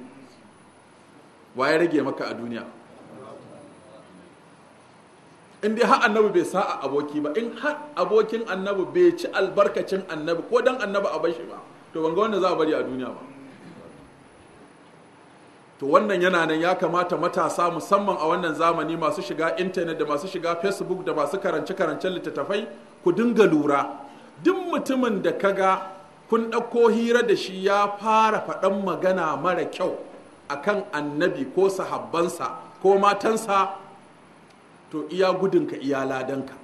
Speaker 2: Wa ya rage maka a duniya in dai har annabi bai sa'a aboki ba in har abokin annabi bai ci albarkacin annabi ko dan annabi a bashi ba to ban wanda za a bari a duniya ba to wannan yana nan ya kamata matasa musamman a wannan zamani masu shiga intanet da masu shiga facebook da masu karance-karancen littattafai ku dinga lura duk mutumin da kaga kun ɗauko hira da shi ya fara faɗan magana mara kyau akan annabi ko sahabbansa ko matansa to iya gudunka iya ladanka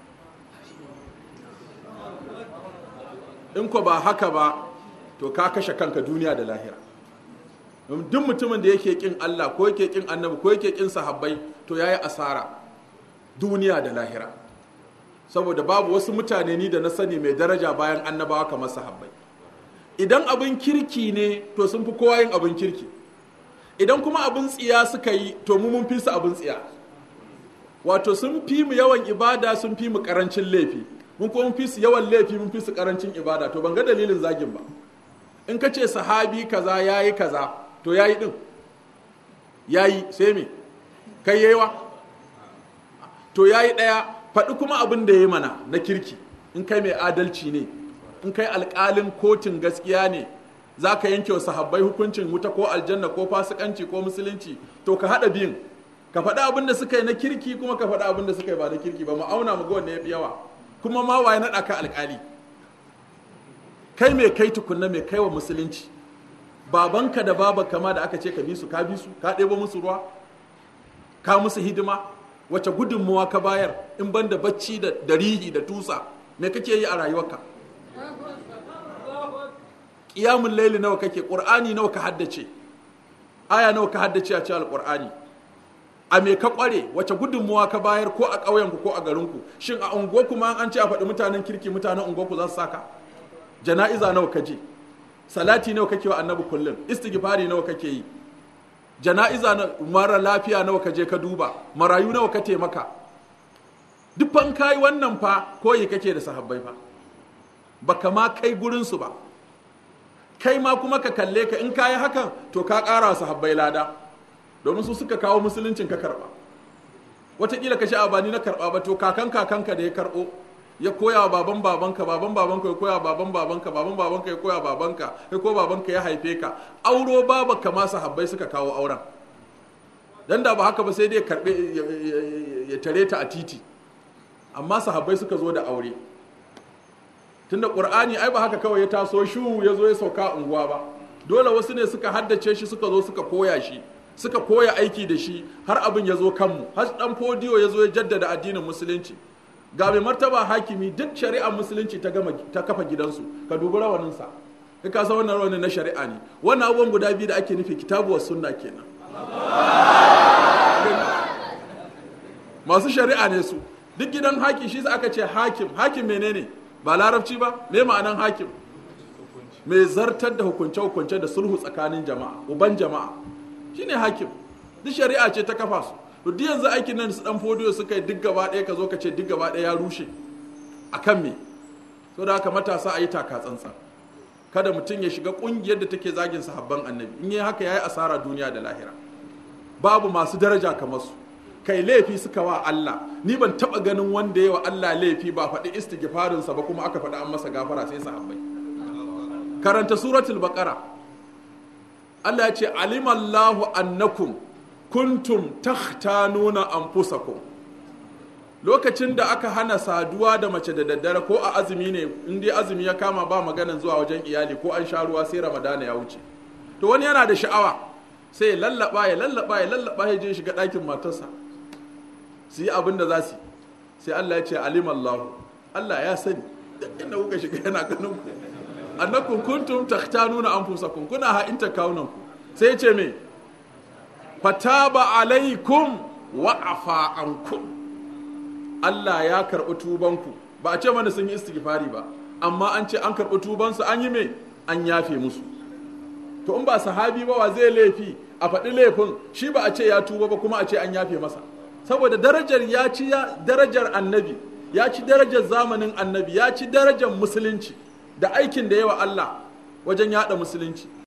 Speaker 2: in ko ba haka ba to ka kashe kanka duniya da lahira duk mutumin da yake kin Allah ko yake kin annabi ko yake kin sahabbai to yayi asara duniya da lahira saboda babu wasu mutane ni da na sani mai daraja bayan annabawa kamar sahabbai idan abin kirki ne to sun fi kowa yin abin kirki idan kuma abin tsiya suka yi to mu mun fi su abin tsiya wato sun fi mu yawan ibada sun fi mu karancin laifi mun kuma fi su yawan laifi mun fi su karancin ibada to ban ga dalilin zagin ba in ka ce sahabi kaza yayi kaza to yayi din yayi sai me kai yayiwa to yayi daya faɗi kuma abin da yayi mana na kirki in kai mai adalci ne in kai alƙalin kotun gaskiya ne za ka yanke wa sahabbai hukuncin wuta ko aljanna ko fasikanci ko musulunci to ka haɗa biyun ka faɗi abin da suka yi na kirki kuma ka faɗi abin da suka yi ba na kirki ba mu auna mu ga wanda ya fi yawa kuma ma waye naɗa ka alƙali kai mai kai tukunna mai kai wa musulunci babanka da babanka kama da aka ce ka bi su ka bi su ka ɗebo musu ruwa ka musu hidima wace gudunmuwa ka bayar in banda bacci da darihi da tusa me kake yi a rayuwarka qiyamul laili nawa kake Qur'ani nawa ka haddace aya nawa ka haddace a cikin alƙur'ani a me ka kware wace gudunmuwa ka bayar ko a ƙauyen ku ko a garin ku shin a unguwarku ma an ce a faɗi mutanen kirki mutanen unguwarku za su saka jana'iza nawa ka je salati nawa kake wa annabi kullum istighfari nawa kake yi jana'iza na mara lafiya nawa ka ka duba marayu nawa ka taimaka duk fan kai wannan fa koyi kake da sahabbai fa baka ma kai gurin gurinsu ba kai ma kuma ka kalle ka in kayi hakan to ka ƙara su habbai lada domin su suka kawo musuluncin ka karɓa wataƙila ka sha abani na karɓa ba to kakan kakanka da ya karɓo ya koya wa baban babanka baban babanka ya koya baban babanka baban babanka ya koya babanka ya ko babanka ya haife ka auro baba kama Habbai suka kawo auren dan da ba haka ba sai dai karbe ya tare ta a titi amma su Habbai suka zo da aure tunda qur'ani ai ba haka kawai ya taso shu ya zo ya sauka unguwa ba dole wasu ne suka haddace shi suka zo suka koya shi suka koya aiki da shi har abin ya zo kanmu har dan fodiyo ya zo ya jaddada addinin musulunci ga mai martaba hakimi duk shari'ar musulunci ta gama ta kafa gidansu ka dubi rawanin sa ka san wannan rawanin na shari'a ne wannan abubuwan guda biyu da ake nufi kitabu wa sunna kenan masu shari'a ne su duk gidan haki shi aka ce hakim hakim menene ne ba larabci ba me ma'anan hakim mai zartar da hukunce-hukunce da sulhu tsakanin jama'a uban jama'a shine hakim duk shari'a ce ta kafa su to duk yanzu aikin nan su dan fodiyo suka yi duk gaba ɗaya ka zo ka ce duk gaba ɗaya ya rushe akan me so da haka matasa a yi taka tsantsa kada mutum ya shiga kungiyar da take zagin sahabban annabi in yi haka ya yi asara duniya da lahira babu masu daraja kamar su kai laifi suka wa Allah ni ban taba ganin wanda ya wa Allah laifi ba faɗi istighfarinsa ba kuma aka faɗi an masa gafara sai sahabbai karanta suratul baqara Allah ya ce alimallahu annakum kuntum tahtanuna anfusakum lokacin da aka hana saduwa da mace da daddare ko a azumi ne in dai azumi ya kama ba maganan zuwa wajen iyali ko an sha ruwa sai ramadana ya wuce to wani yana da sha'awa sai ya lallaba ya lallaba ya lallaba ya je shiga ɗakin matarsa su yi abin da za su sai Allah ya ce alim Allah Allah ya sani duk inda kuka shiga yana ganin ku annakum kuntum takhtanuna anfusakum kuna ha'inta kawunan ku sai ya ce me fataba alaikum wa afa ankum Allah ya karɓi tubanku ba a ce mana sun yi istighfari ba amma an ce an karɓi tubansu an yi me an yafe musu to in ba sahabi ba wa zai laifi a faɗi laifin shi ba a ce ya tuba ba kuma a ce an yafe masa saboda darajar ya ci darajar annabi ya ci darajar zamanin annabi ya ci darajar musulunci da aikin da yawa Allah wajen yada musulunci